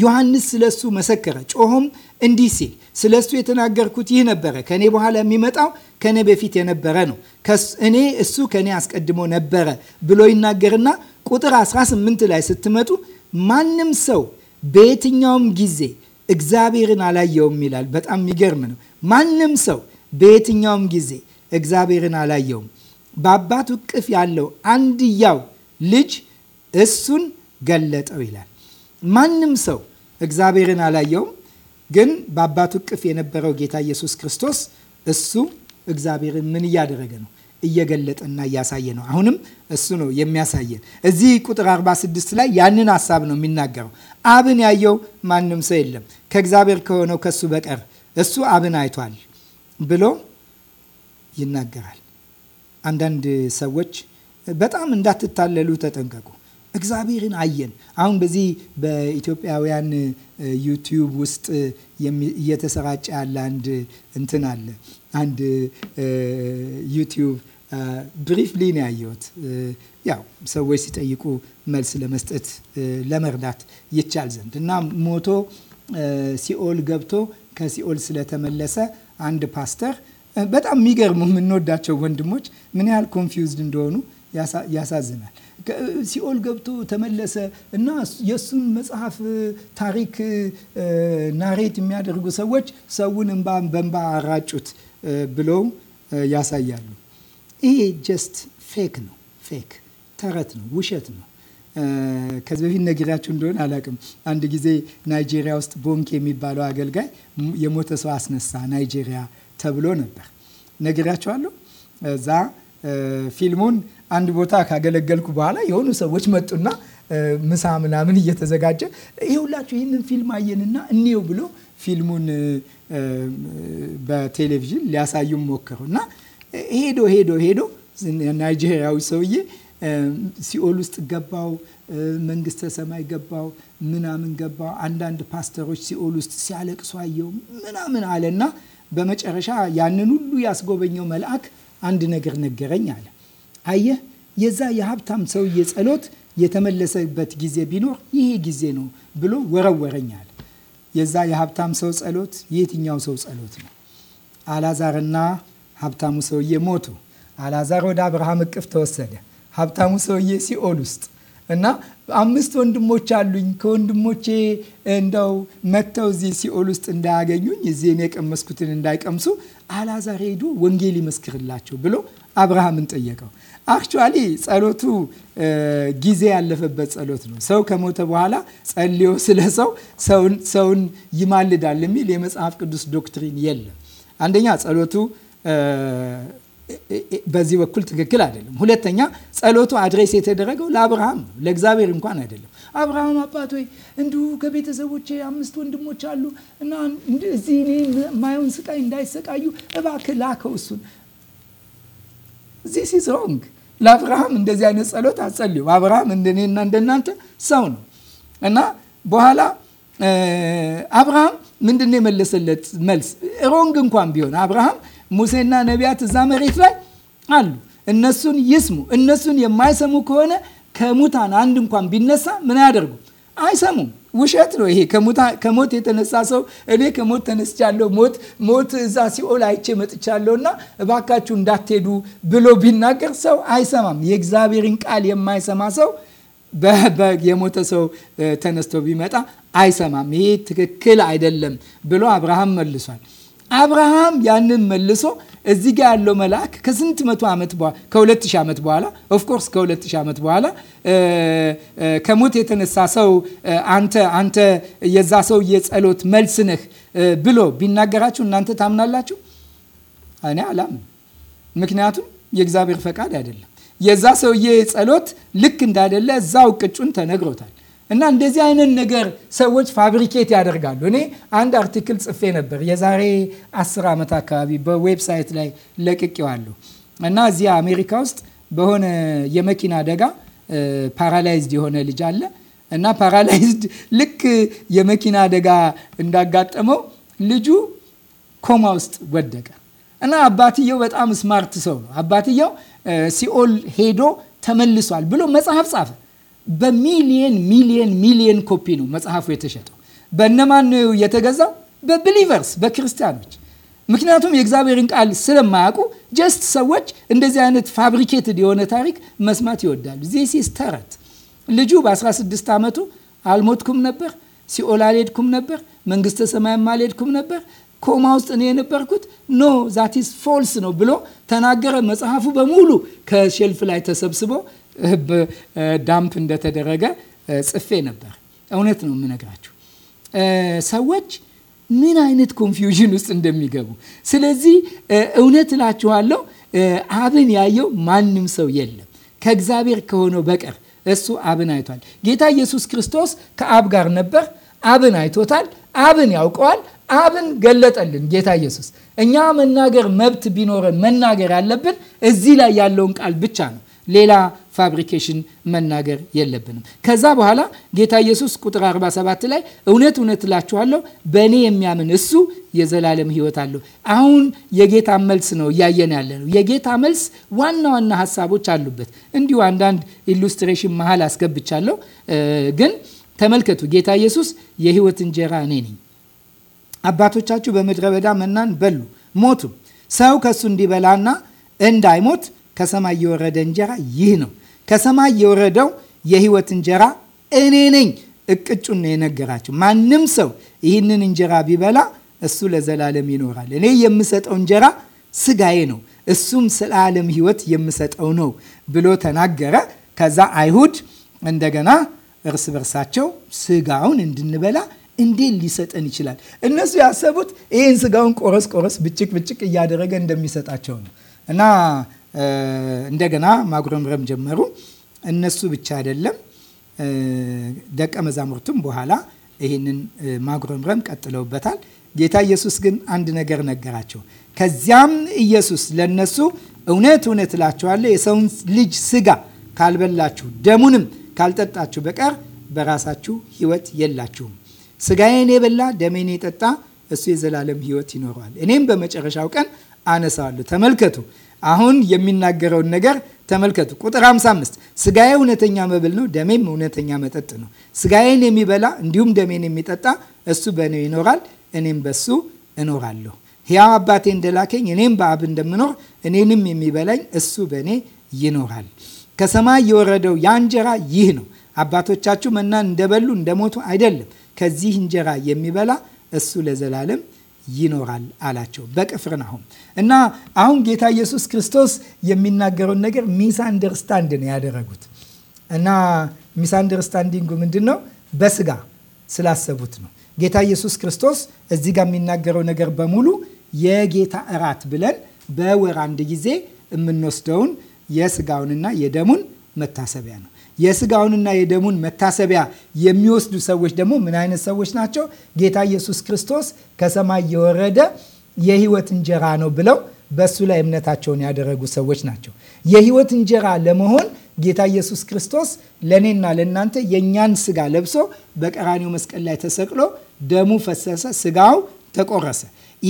ዮሐንስ ስለ እሱ መሰከረ። ጮሆም እንዲህ ሲል ስለ እሱ የተናገርኩት ይህ ነበረ፣ ከእኔ በኋላ የሚመጣው ከእኔ በፊት የነበረ ነው፣ እኔ እሱ ከእኔ አስቀድሞ ነበረ ብሎ ይናገርና ቁጥር 18 ላይ ስትመጡ ማንም ሰው በየትኛውም ጊዜ እግዚአብሔርን አላየውም ይላል። በጣም የሚገርም ነው። ማንም ሰው በየትኛውም ጊዜ እግዚአብሔርን አላየውም። በአባቱ እቅፍ ያለው አንድያው ልጅ እሱን ገለጠው ይላል። ማንም ሰው እግዚአብሔርን አላየውም፣ ግን በአባቱ እቅፍ የነበረው ጌታ ኢየሱስ ክርስቶስ እሱ እግዚአብሔርን ምን እያደረገ ነው? እየገለጠና እያሳየ ነው። አሁንም እሱ ነው የሚያሳየን። እዚህ ቁጥር 46 ላይ ያንን ሀሳብ ነው የሚናገረው። አብን ያየው ማንም ሰው የለም ከእግዚአብሔር ከሆነው ከሱ በቀር እሱ አብን አይቷል ብሎ ይናገራል። አንዳንድ ሰዎች በጣም እንዳትታለሉ ተጠንቀቁ። እግዚአብሔርን አየን። አሁን በዚህ በኢትዮጵያውያን ዩቲዩብ ውስጥ እየተሰራጨ ያለ አንድ እንትን አለ። አንድ ዩቲዩብ ብሪፍሊ ነው ያየሁት። ያው ሰዎች ሲጠይቁ መልስ ለመስጠት ለመርዳት ይቻል ዘንድ እና ሞቶ ሲኦል ገብቶ ከሲኦል ስለተመለሰ አንድ ፓስተር በጣም የሚገርሙ የምንወዳቸው ወንድሞች ምን ያህል ኮንፊውዝድ እንደሆኑ ያሳዝናል። ሲኦል ገብቶ ተመለሰ እና የእሱን መጽሐፍ ታሪክ ናሬት የሚያደርጉ ሰዎች ሰውን እንባ በንባ አራጩት ብለው ያሳያሉ። ይሄ ጀስት ፌክ ነው፣ ፌክ ተረት ነው፣ ውሸት ነው። ከዚህ በፊት ነግራችሁ እንደሆነ አላውቅም። አንድ ጊዜ ናይጄሪያ ውስጥ ቦንክ የሚባለው አገልጋይ የሞተ ሰው አስነሳ ናይጄሪያ ተብሎ ነበር። ነግራችኋለሁ። እዛ ፊልሙን አንድ ቦታ ካገለገልኩ በኋላ የሆኑ ሰዎች መጡና ምሳ ምናምን እየተዘጋጀ ይኸውላችሁ ይህንን ፊልም አየንና እኔው ብሎ ፊልሙን በቴሌቪዥን ሊያሳዩም ሞከሩ እና ሄዶ ሄዶ ሄዶ ናይጄሪያዊ ሰውዬ ሲኦል ውስጥ ገባው፣ መንግስተ ሰማይ ገባው፣ ምናምን ገባው። አንዳንድ ፓስተሮች ሲኦል ውስጥ ሲያለቅሱ አየው ምናምን አለና በመጨረሻ ያንን ሁሉ ያስጎበኘው መልአክ አንድ ነገር ነገረኝ አለ አየህ የዛ የሀብታም ሰውዬ ጸሎት የተመለሰበት ጊዜ ቢኖር ይሄ ጊዜ ነው ብሎ ወረወረኛል። የዛ የሀብታም ሰው ጸሎት የየትኛው ሰው ጸሎት ነው? አላዛርና ሀብታሙ ሰውዬ ሞቱ። አላዛር ወደ አብርሃም እቅፍ ተወሰደ። ሀብታሙ ሰውዬ ሲኦል ውስጥ እና አምስት ወንድሞች አሉኝ። ከወንድሞቼ እንደው መጥተው እዚህ ሲኦል ውስጥ እንዳያገኙኝ እዚህን የቀመስኩትን እንዳይቀምሱ አላዛር ሄዱ ወንጌል ይመስክርላቸው ብሎ አብርሃምን ጠየቀው። አክቹዋሊ ጸሎቱ ጊዜ ያለፈበት ጸሎት ነው። ሰው ከሞተ በኋላ ጸልዮ ስለ ሰው ሰውን ይማልዳል የሚል የመጽሐፍ ቅዱስ ዶክትሪን የለም። አንደኛ ጸሎቱ በዚህ በኩል ትክክል አይደለም። ሁለተኛ ጸሎቱ አድሬስ የተደረገው ለአብርሃም ነው፣ ለእግዚአብሔር እንኳን አይደለም። አብርሃም አባት ሆይ እንዲሁ ከቤተሰቦች አምስት ወንድሞች አሉ እና እዚህ እኔ ማየውን ስቃይ እንዳይሰቃዩ እባክህ ላከው እሱን ዚስ ኢዝ ሮንግ ለአብርሃም እንደዚህ አይነት ጸሎት አጸልዩ። አብርሃም እንደኔና እንደናንተ ሰው ነው እና በኋላ አብርሃም ምንድን ነው የመለሰለት መልስ? ሮንግ እንኳን ቢሆን አብርሃም ሙሴና ነቢያት እዛ መሬት ላይ አሉ። እነሱን ይስሙ። እነሱን የማይሰሙ ከሆነ ከሙታን አንድ እንኳን ቢነሳ ምን አያደርጉም? አይሰሙም። ውሸት ነው ይሄ። ከሞት የተነሳ ሰው እኔ ከሞት ተነስቻለሁ፣ ሞት ሞት እዛ ሲኦል አይቼ መጥቻለሁ እና እባካችሁ እንዳትሄዱ ብሎ ቢናገር ሰው አይሰማም። የእግዚአብሔርን ቃል የማይሰማ ሰው የሞተ ሰው ተነስቶ ቢመጣ አይሰማም። ይሄ ትክክል አይደለም ብሎ አብርሃም መልሷል። አብርሃም ያንን መልሶ እዚህ ጋር ያለው መልአክ ከስንት መቶ ዓመት በኋላ ከሁለት ሺህ ዓመት በኋላ ኦፍኮርስ ከሁለት ሺህ ዓመት በኋላ ከሞት የተነሳ ሰው አንተ አንተ የዛ ሰው የጸሎት መልስ ነህ ብሎ ቢናገራችሁ እናንተ ታምናላችሁ? እኔ አላም ምክንያቱም የእግዚአብሔር ፈቃድ አይደለም። የዛ ሰውዬ ጸሎት ልክ እንዳይደለ እዛው ቅጩን ተነግሮታል። እና እንደዚህ አይነት ነገር ሰዎች ፋብሪኬት ያደርጋሉ። እኔ አንድ አርቲክል ጽፌ ነበር የዛሬ አስር ዓመት አካባቢ በዌብሳይት ላይ ለቅቄዋለሁ። እና እዚያ አሜሪካ ውስጥ በሆነ የመኪና አደጋ ፓራላይዝድ የሆነ ልጅ አለ እና ፓራላይዝድ ልክ የመኪና አደጋ እንዳጋጠመው ልጁ ኮማ ውስጥ ወደቀ እና አባትየው በጣም ስማርት ሰው ነው። አባትየው ሲኦል ሄዶ ተመልሷል ብሎ መጽሐፍ ጻፈ። በሚሊየን ሚሊየን ሚሊየን ኮፒ ነው መጽሐፉ የተሸጠው። በእነማን ነው የተገዛው? በብሊቨርስ በክርስቲያኖች። ምክንያቱም የእግዚአብሔርን ቃል ስለማያውቁ ጀስት ሰዎች እንደዚህ አይነት ፋብሪኬትድ የሆነ ታሪክ መስማት ይወዳሉ። ዚሲስ ተረት። ልጁ በ16 ዓመቱ አልሞትኩም ነበር፣ ሲኦል አልሄድኩም ነበር፣ መንግስተ ሰማይም አልሄድኩም ነበር ኮማ ውስጥ ነው የነበርኩት። ኖ ዛቲስ ፎልስ ነው ብሎ ተናገረ። መጽሐፉ በሙሉ ከሼልፍ ላይ ተሰብስቦ ዳምፕ እንደተደረገ ጽፌ ነበር። እውነት ነው የምነግራችሁ ሰዎች ምን አይነት ኮንፊውዥን ውስጥ እንደሚገቡ። ስለዚህ እውነት እላችኋለሁ አብን ያየው ማንም ሰው የለም ከእግዚአብሔር ከሆነው በቀር እሱ አብን አይቷል። ጌታ ኢየሱስ ክርስቶስ ከአብ ጋር ነበር። አብን አይቶታል። አብን ያውቀዋል። አብን ገለጠልን ጌታ ኢየሱስ። እኛ መናገር መብት ቢኖረን መናገር ያለብን እዚህ ላይ ያለውን ቃል ብቻ ነው። ሌላ ፋብሪኬሽን መናገር የለብንም። ከዛ በኋላ ጌታ ኢየሱስ ቁጥር 47 ላይ እውነት እውነት እላችኋለሁ በእኔ የሚያምን እሱ የዘላለም ሕይወት አለው። አሁን የጌታ መልስ ነው እያየን ያለ ነው። የጌታ መልስ ዋና ዋና ሀሳቦች አሉበት። እንዲሁ አንዳንድ ኢሉስትሬሽን መሀል አስገብቻለሁ፣ ግን ተመልከቱ። ጌታ ኢየሱስ የሕይወት እንጀራ እኔ ነኝ። አባቶቻችሁ በምድረ በዳ መናን በሉ ሞቱም። ሰው ከእሱ እንዲበላና እንዳይሞት ከሰማይ የወረደ እንጀራ ይህ ነው። ከሰማይ የወረደው የህይወት እንጀራ እኔ ነኝ። እቅጩን ነው የነገራቸው። ማንም ሰው ይህንን እንጀራ ቢበላ እሱ ለዘላለም ይኖራል። እኔ የምሰጠው እንጀራ ስጋዬ ነው፣ እሱም ስለ ዓለም ህይወት የምሰጠው ነው ብሎ ተናገረ። ከዛ አይሁድ እንደገና እርስ በርሳቸው ስጋውን እንድንበላ እንዴት ሊሰጠን ይችላል? እነሱ ያሰቡት ይህን ስጋውን ቆረስ ቆረስ ብጭቅ ብጭቅ እያደረገ እንደሚሰጣቸው ነው እና እንደገና ማጉረምረም ጀመሩ። እነሱ ብቻ አይደለም፣ ደቀ መዛሙርቱም በኋላ ይህንን ማጉረምረም ቀጥለውበታል። ጌታ ኢየሱስ ግን አንድ ነገር ነገራቸው። ከዚያም ኢየሱስ ለነሱ እውነት እውነት እላችኋለሁ የሰውን ልጅ ስጋ ካልበላችሁ ደሙንም ካልጠጣችሁ በቀር በራሳችሁ ሕይወት የላችሁም። ስጋዬን የበላ ደሜን የጠጣ እሱ የዘላለም ሕይወት ይኖረዋል፣ እኔም በመጨረሻው ቀን አነሳዋለሁ። ተመልከቱ አሁን የሚናገረውን ነገር ተመልከቱ። ቁጥር 55 ስጋዬ እውነተኛ መብል ነው፣ ደሜም እውነተኛ መጠጥ ነው። ስጋዬን የሚበላ እንዲሁም ደሜን የሚጠጣ እሱ በእኔ ይኖራል፣ እኔም በሱ እኖራለሁ። ሕያው አባቴ እንደላከኝ እኔም በአብ እንደምኖር እኔንም የሚበላኝ እሱ በእኔ ይኖራል። ከሰማይ የወረደው ያ እንጀራ ይህ ነው። አባቶቻችሁ መናን እንደበሉ እንደሞቱ አይደለም። ከዚህ እንጀራ የሚበላ እሱ ለዘላለም ይኖራል አላቸው በቅፍርናሆም። እና አሁን ጌታ ኢየሱስ ክርስቶስ የሚናገረውን ነገር ሚስ አንደርስታንድ ነው ያደረጉት። እና ሚስ አንደርስታንዲንጉ ምንድን ነው? በስጋ ስላሰቡት ነው። ጌታ ኢየሱስ ክርስቶስ እዚህ ጋር የሚናገረው ነገር በሙሉ የጌታ እራት ብለን በወር አንድ ጊዜ የምንወስደውን የስጋውንና የደሙን መታሰቢያ ነው። የስጋውንና የደሙን መታሰቢያ የሚወስዱ ሰዎች ደግሞ ምን አይነት ሰዎች ናቸው? ጌታ ኢየሱስ ክርስቶስ ከሰማይ የወረደ የህይወት እንጀራ ነው ብለው በእሱ ላይ እምነታቸውን ያደረጉ ሰዎች ናቸው። የህይወት እንጀራ ለመሆን ጌታ ኢየሱስ ክርስቶስ ለእኔና ለእናንተ የእኛን ስጋ ለብሶ በቀራኒው መስቀል ላይ ተሰቅሎ ደሙ ፈሰሰ፣ ስጋው ተቆረሰ።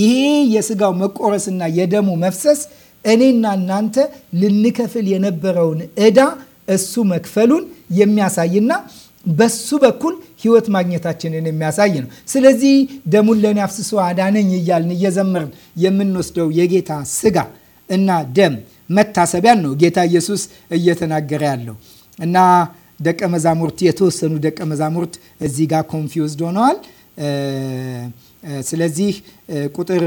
ይሄ የስጋው መቆረስና የደሙ መፍሰስ እኔና እናንተ ልንከፍል የነበረውን እዳ። እሱ መክፈሉን የሚያሳይና በሱ በኩል ህይወት ማግኘታችንን የሚያሳይ ነው። ስለዚህ ደሙን ለእኔ አፍስሶ አዳነኝ እያልን እየዘመርን የምንወስደው የጌታ ስጋ እና ደም መታሰቢያን ነው ጌታ ኢየሱስ እየተናገረ ያለው እና ደቀ መዛሙርት የተወሰኑ ደቀ መዛሙርት እዚህ ጋር ኮንፊውዝድ ሆነዋል። ስለዚህ ቁጥር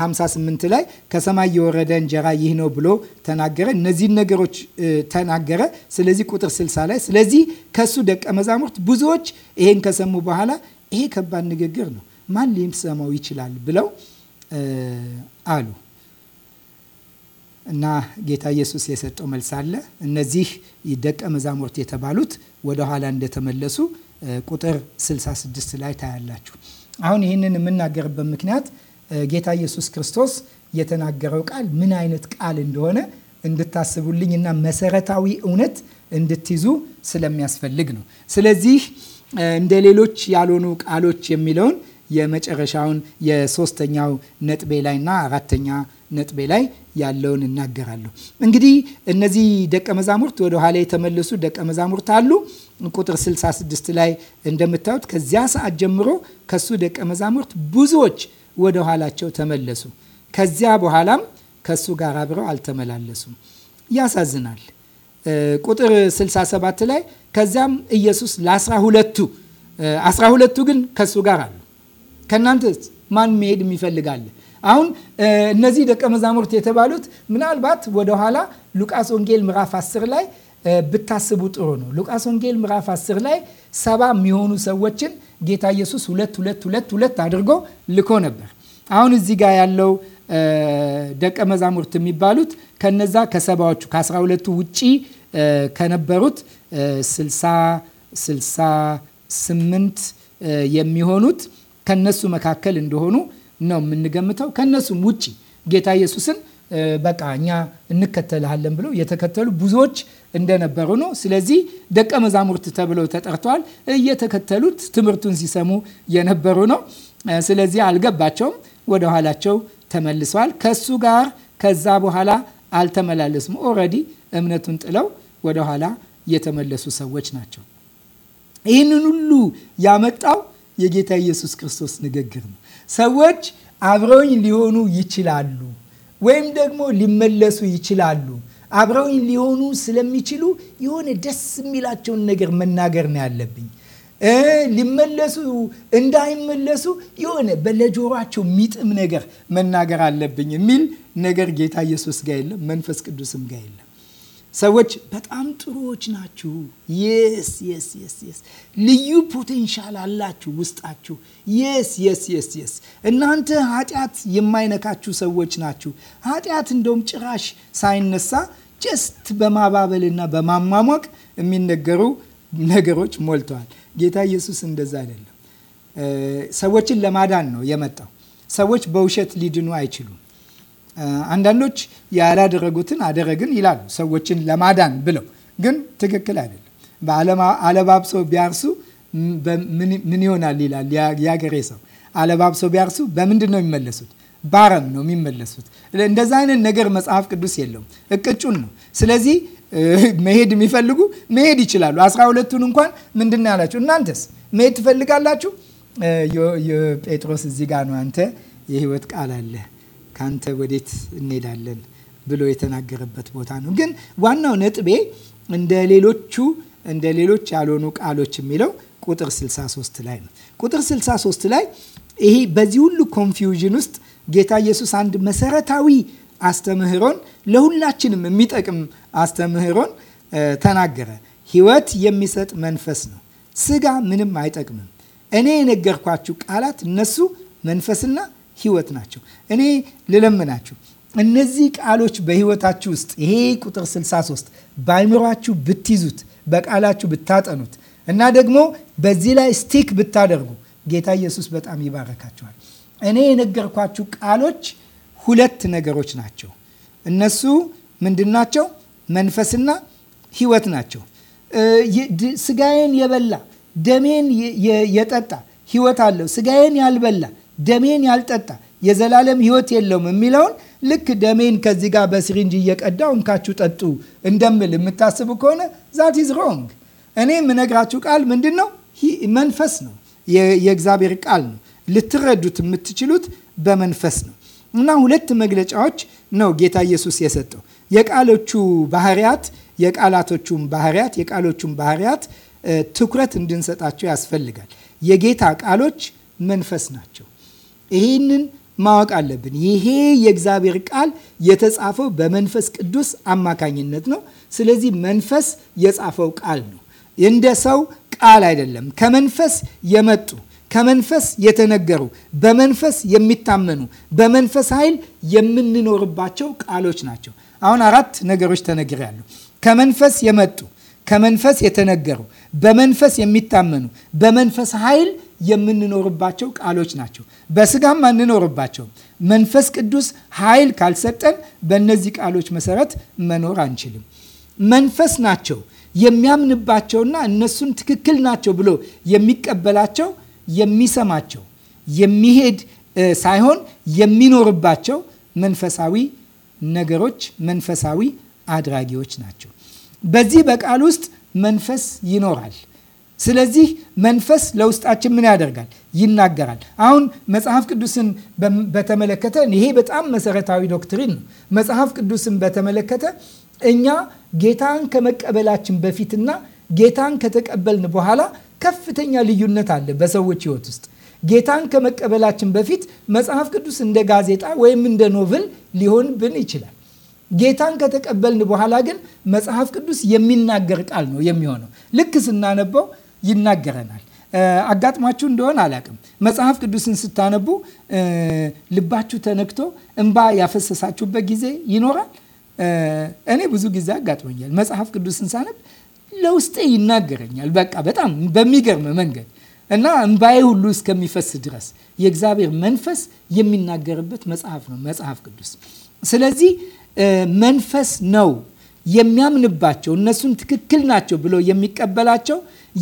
58 ላይ ከሰማይ የወረደ እንጀራ ይህ ነው ብሎ ተናገረ። እነዚህን ነገሮች ተናገረ። ስለዚህ ቁጥር 60 ላይ ስለዚህ ከሱ ደቀ መዛሙርት ብዙዎች ይሄን ከሰሙ በኋላ ይሄ ከባድ ንግግር ነው፣ ማን ሊሰማው ይችላል ብለው አሉ። እና ጌታ ኢየሱስ የሰጠው መልስ አለ። እነዚህ ደቀ መዛሙርት የተባሉት ወደኋላ እንደተመለሱ ቁጥር 66 ላይ ታያላችሁ። አሁን ይህንን የምናገርበት ምክንያት ጌታ ኢየሱስ ክርስቶስ የተናገረው ቃል ምን አይነት ቃል እንደሆነ እንድታስቡልኝ እና መሰረታዊ እውነት እንድትይዙ ስለሚያስፈልግ ነው። ስለዚህ እንደ ሌሎች ያልሆኑ ቃሎች የሚለውን የመጨረሻውን የሶስተኛው ነጥቤ ላይ እና አራተኛ ነጥቤ ላይ ያለውን እናገራለሁ። እንግዲህ እነዚህ ደቀ መዛሙርት ወደ ኋላ የተመለሱ ደቀ መዛሙርት አሉ። ቁጥር 66 ላይ እንደምታዩት ከዚያ ሰዓት ጀምሮ ከሱ ደቀ መዛሙርት ብዙዎች ወደ ኋላቸው ተመለሱ። ከዚያ በኋላም ከሱ ጋር አብረው አልተመላለሱም። ያሳዝናል። ቁጥር 67 ላይ ከዚያም ኢየሱስ ለአስራ ሁለቱ አስራ ሁለቱ ግን ከሱ ጋር አሉ ከእናንተ ማን መሄድ የሚፈልጋል? አሁን እነዚህ ደቀ መዛሙርት የተባሉት ምናልባት ወደኋላ ሉቃስ ወንጌል ምዕራፍ 10 ላይ ብታስቡ ጥሩ ነው። ሉቃስ ወንጌል ምዕራፍ 10 ላይ ሰባ የሚሆኑ ሰዎችን ጌታ ኢየሱስ ሁለት ሁለት ሁለት ሁለት አድርጎ ልኮ ነበር። አሁን እዚህ ጋር ያለው ደቀ መዛሙርት የሚባሉት ከነዛ ከሰባዎቹ ከአስራ ሁለቱ ውጪ ከነበሩት 60 68 የሚሆኑት ከነሱ መካከል እንደሆኑ ነው የምንገምተው። ከነሱም ውጭ ጌታ ኢየሱስን በቃ እኛ እንከተልሃለን ብለው የተከተሉ ብዙዎች እንደነበሩ ነው። ስለዚህ ደቀ መዛሙርት ተብለው ተጠርተዋል። እየተከተሉት ትምህርቱን ሲሰሙ የነበሩ ነው። ስለዚህ አልገባቸውም፣ ወደ ኋላቸው ተመልሰዋል። ከሱ ጋር ከዛ በኋላ አልተመላለስም ኦረዲ እምነቱን ጥለው ወደኋላ የተመለሱ ሰዎች ናቸው። ይህንን ሁሉ ያመጣው የጌታ ኢየሱስ ክርስቶስ ንግግር ነው። ሰዎች አብረውኝ ሊሆኑ ይችላሉ ወይም ደግሞ ሊመለሱ ይችላሉ። አብረውኝ ሊሆኑ ስለሚችሉ የሆነ ደስ የሚላቸውን ነገር መናገር ነው ያለብኝ። ሊመለሱ እንዳይመለሱ የሆነ በለጆሯቸው ሚጥም ነገር መናገር አለብኝ የሚል ነገር ጌታ ኢየሱስ ጋር የለም፣ መንፈስ ቅዱስም ጋር የለም። ሰዎች በጣም ጥሩዎች ናችሁ፣ የስ የስ የስ የስ ልዩ ፖቴንሻል አላችሁ ውስጣችሁ፣ የስ የስ የስ የስ እናንተ ኃጢአት የማይነካችሁ ሰዎች ናችሁ። ኃጢአት እንደውም ጭራሽ ሳይነሳ ጀስት በማባበልና በማሟሟቅ የሚነገሩ ነገሮች ሞልተዋል። ጌታ ኢየሱስ እንደዛ አይደለም። ሰዎችን ለማዳን ነው የመጣው። ሰዎች በውሸት ሊድኑ አይችሉም። አንዳንዶች ያላደረጉትን አደረግን ይላሉ ሰዎችን ለማዳን ብለው፣ ግን ትክክል አይደለም። አለባብሰው ቢያርሱ ምን ይሆናል ይላል የአገሬ ሰው። አለባብሰው ቢያርሱ በምንድን ነው የሚመለሱት? ባረም ነው የሚመለሱት። እንደዛ አይነት ነገር መጽሐፍ ቅዱስ የለውም። እቅጩን ነው። ስለዚህ መሄድ የሚፈልጉ መሄድ ይችላሉ። አስራ ሁለቱን እንኳን ምንድን ነው ያላችሁ? እናንተስ መሄድ ትፈልጋላችሁ? ጴጥሮስ እዚህ ጋር ነው። አንተ የህይወት ቃል አለህ ከአንተ ወዴት እንሄዳለን ብሎ የተናገረበት ቦታ ነው። ግን ዋናው ነጥቤ እንደ ሌሎቹ እንደ ሌሎች ያልሆኑ ቃሎች የሚለው ቁጥር 63 ላይ ነው። ቁጥር 63 ላይ ይሄ በዚህ ሁሉ ኮንፊውዥን ውስጥ ጌታ ኢየሱስ አንድ መሰረታዊ አስተምህሮን ለሁላችንም የሚጠቅም አስተምህሮን ተናገረ። ህይወት የሚሰጥ መንፈስ ነው። ስጋ ምንም አይጠቅምም። እኔ የነገርኳችሁ ቃላት እነሱ መንፈስና ህይወት ናቸው። እኔ ልለምናችሁ እነዚህ ቃሎች በህይወታችሁ ውስጥ ይሄ ቁጥር 63 በአይምሯችሁ ብትይዙት፣ በቃላችሁ ብታጠኑት እና ደግሞ በዚህ ላይ ስቲክ ብታደርጉ ጌታ ኢየሱስ በጣም ይባረካችኋል። እኔ የነገርኳችሁ ቃሎች ሁለት ነገሮች ናቸው። እነሱ ምንድን ናቸው? መንፈስና ህይወት ናቸው። ስጋዬን የበላ ደሜን የጠጣ ህይወት አለው። ስጋዬን ያልበላ ደሜን ያልጠጣ የዘላለም ህይወት የለውም የሚለውን ልክ ደሜን ከዚህ ጋር በስሪንጅ እየቀዳው እንካችሁ ጠጡ እንደምል የምታስቡ ከሆነ ዛት ኢዝ ሮንግ። እኔ የምነግራችሁ ቃል ምንድን ነው? መንፈስ ነው። የእግዚአብሔር ቃል ነው። ልትረዱት የምትችሉት በመንፈስ ነው። እና ሁለት መግለጫዎች ነው ጌታ ኢየሱስ የሰጠው የቃሎቹ ባህሪያት የቃላቶቹም ባህሪያት የቃሎቹም ባህሪያት ትኩረት እንድንሰጣቸው ያስፈልጋል። የጌታ ቃሎች መንፈስ ናቸው። ይህንን ማወቅ አለብን። ይሄ የእግዚአብሔር ቃል የተጻፈው በመንፈስ ቅዱስ አማካኝነት ነው። ስለዚህ መንፈስ የጻፈው ቃል ነው፣ እንደ ሰው ቃል አይደለም። ከመንፈስ የመጡ ከመንፈስ የተነገሩ በመንፈስ የሚታመኑ በመንፈስ ኃይል የምንኖርባቸው ቃሎች ናቸው። አሁን አራት ነገሮች ተነግሬያለሁ። ከመንፈስ የመጡ ከመንፈስ የተነገሩ በመንፈስ የሚታመኑ በመንፈስ ኃይል የምንኖርባቸው ቃሎች ናቸው። በስጋም አንኖርባቸውም። መንፈስ ቅዱስ ኃይል ካልሰጠን በእነዚህ ቃሎች መሰረት መኖር አንችልም። መንፈስ ናቸው የሚያምንባቸውና እነሱን ትክክል ናቸው ብሎ የሚቀበላቸው የሚሰማቸው የሚሄድ ሳይሆን የሚኖርባቸው መንፈሳዊ ነገሮች መንፈሳዊ አድራጊዎች ናቸው። በዚህ በቃል ውስጥ መንፈስ ይኖራል። ስለዚህ መንፈስ ለውስጣችን ምን ያደርጋል? ይናገራል። አሁን መጽሐፍ ቅዱስን በተመለከተ ይሄ በጣም መሰረታዊ ዶክትሪን ነው። መጽሐፍ ቅዱስን በተመለከተ እኛ ጌታን ከመቀበላችን በፊትና ጌታን ከተቀበልን በኋላ ከፍተኛ ልዩነት አለ በሰዎች ህይወት ውስጥ። ጌታን ከመቀበላችን በፊት መጽሐፍ ቅዱስ እንደ ጋዜጣ ወይም እንደ ኖቭል ሊሆንብን ይችላል። ጌታን ከተቀበልን በኋላ ግን መጽሐፍ ቅዱስ የሚናገር ቃል ነው የሚሆነው ልክ ስናነበው ይናገረናል። አጋጥሟችሁ እንደሆነ አላቅም። መጽሐፍ ቅዱስን ስታነቡ ልባችሁ ተነክቶ እንባ ያፈሰሳችሁበት ጊዜ ይኖራል። እኔ ብዙ ጊዜ አጋጥሞኛል። መጽሐፍ ቅዱስን ሳነብ ለውስጤ ይናገረኛል። በቃ በጣም በሚገርም መንገድ እና እንባዬ ሁሉ እስከሚፈስ ድረስ የእግዚአብሔር መንፈስ የሚናገርበት መጽሐፍ ነው መጽሐፍ ቅዱስ። ስለዚህ መንፈስ ነው የሚያምንባቸው እነሱን ትክክል ናቸው ብሎ የሚቀበላቸው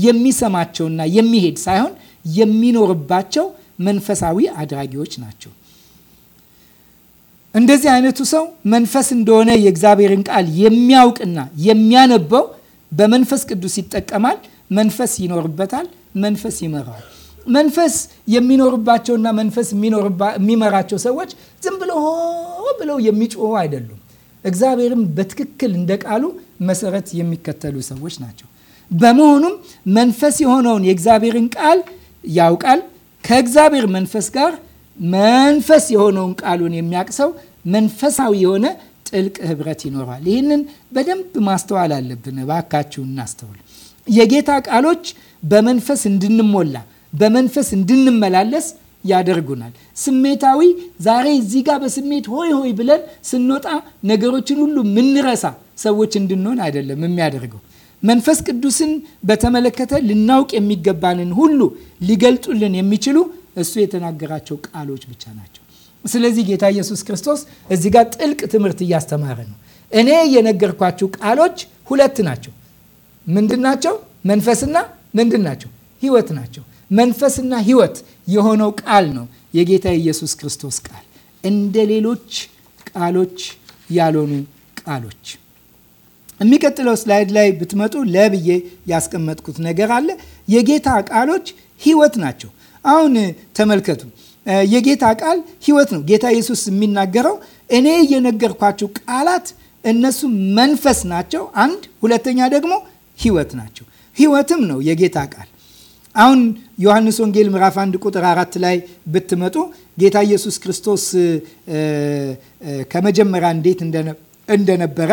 የሚሰማቸውና የሚሄድ ሳይሆን የሚኖርባቸው መንፈሳዊ አድራጊዎች ናቸው። እንደዚህ አይነቱ ሰው መንፈስ እንደሆነ የእግዚአብሔርን ቃል የሚያውቅና የሚያነበው በመንፈስ ቅዱስ ይጠቀማል። መንፈስ ይኖርበታል። መንፈስ ይመራዋል። መንፈስ የሚኖርባቸውና መንፈስ የሚመራቸው ሰዎች ዝም ብሎ ሆ ብለው የሚጮሁ አይደሉም። እግዚአብሔርም በትክክል እንደ ቃሉ መሰረት የሚከተሉ ሰዎች ናቸው። በመሆኑም መንፈስ የሆነውን የእግዚአብሔርን ቃል ያውቃል። ከእግዚአብሔር መንፈስ ጋር መንፈስ የሆነውን ቃሉን የሚያቅሰው መንፈሳዊ የሆነ ጥልቅ ህብረት ይኖረዋል። ይህንን በደንብ ማስተዋል አለብን። እባካችሁ እናስተውል። የጌታ ቃሎች በመንፈስ እንድንሞላ በመንፈስ እንድንመላለስ ያደርጉናል። ስሜታዊ ዛሬ እዚህ ጋር በስሜት ሆይ ሆይ ብለን ስንወጣ ነገሮችን ሁሉ ምንረሳ ሰዎች እንድንሆን አይደለም የሚያደርገው መንፈስ ቅዱስን በተመለከተ ልናውቅ የሚገባንን ሁሉ ሊገልጡልን የሚችሉ እሱ የተናገራቸው ቃሎች ብቻ ናቸው። ስለዚህ ጌታ ኢየሱስ ክርስቶስ እዚህ ጋር ጥልቅ ትምህርት እያስተማረ ነው። እኔ የነገርኳችሁ ቃሎች ሁለት ናቸው። ምንድን ናቸው? መንፈስና ምንድን ናቸው? ህይወት ናቸው። መንፈስና ህይወት የሆነው ቃል ነው የጌታ ኢየሱስ ክርስቶስ ቃል እንደ ሌሎች ቃሎች ያልሆኑ ቃሎች የሚቀጥለው ስላይድ ላይ ብትመጡ ለብዬ ያስቀመጥኩት ነገር አለ። የጌታ ቃሎች ህይወት ናቸው። አሁን ተመልከቱ። የጌታ ቃል ህይወት ነው። ጌታ ኢየሱስ የሚናገረው እኔ የነገርኳችሁ ቃላት እነሱ መንፈስ ናቸው፣ አንድ ሁለተኛ ደግሞ ህይወት ናቸው። ህይወትም ነው የጌታ ቃል። አሁን ዮሐንስ ወንጌል ምዕራፍ አንድ ቁጥር አራት ላይ ብትመጡ ጌታ ኢየሱስ ክርስቶስ ከመጀመሪያ እንዴት እንደነበረ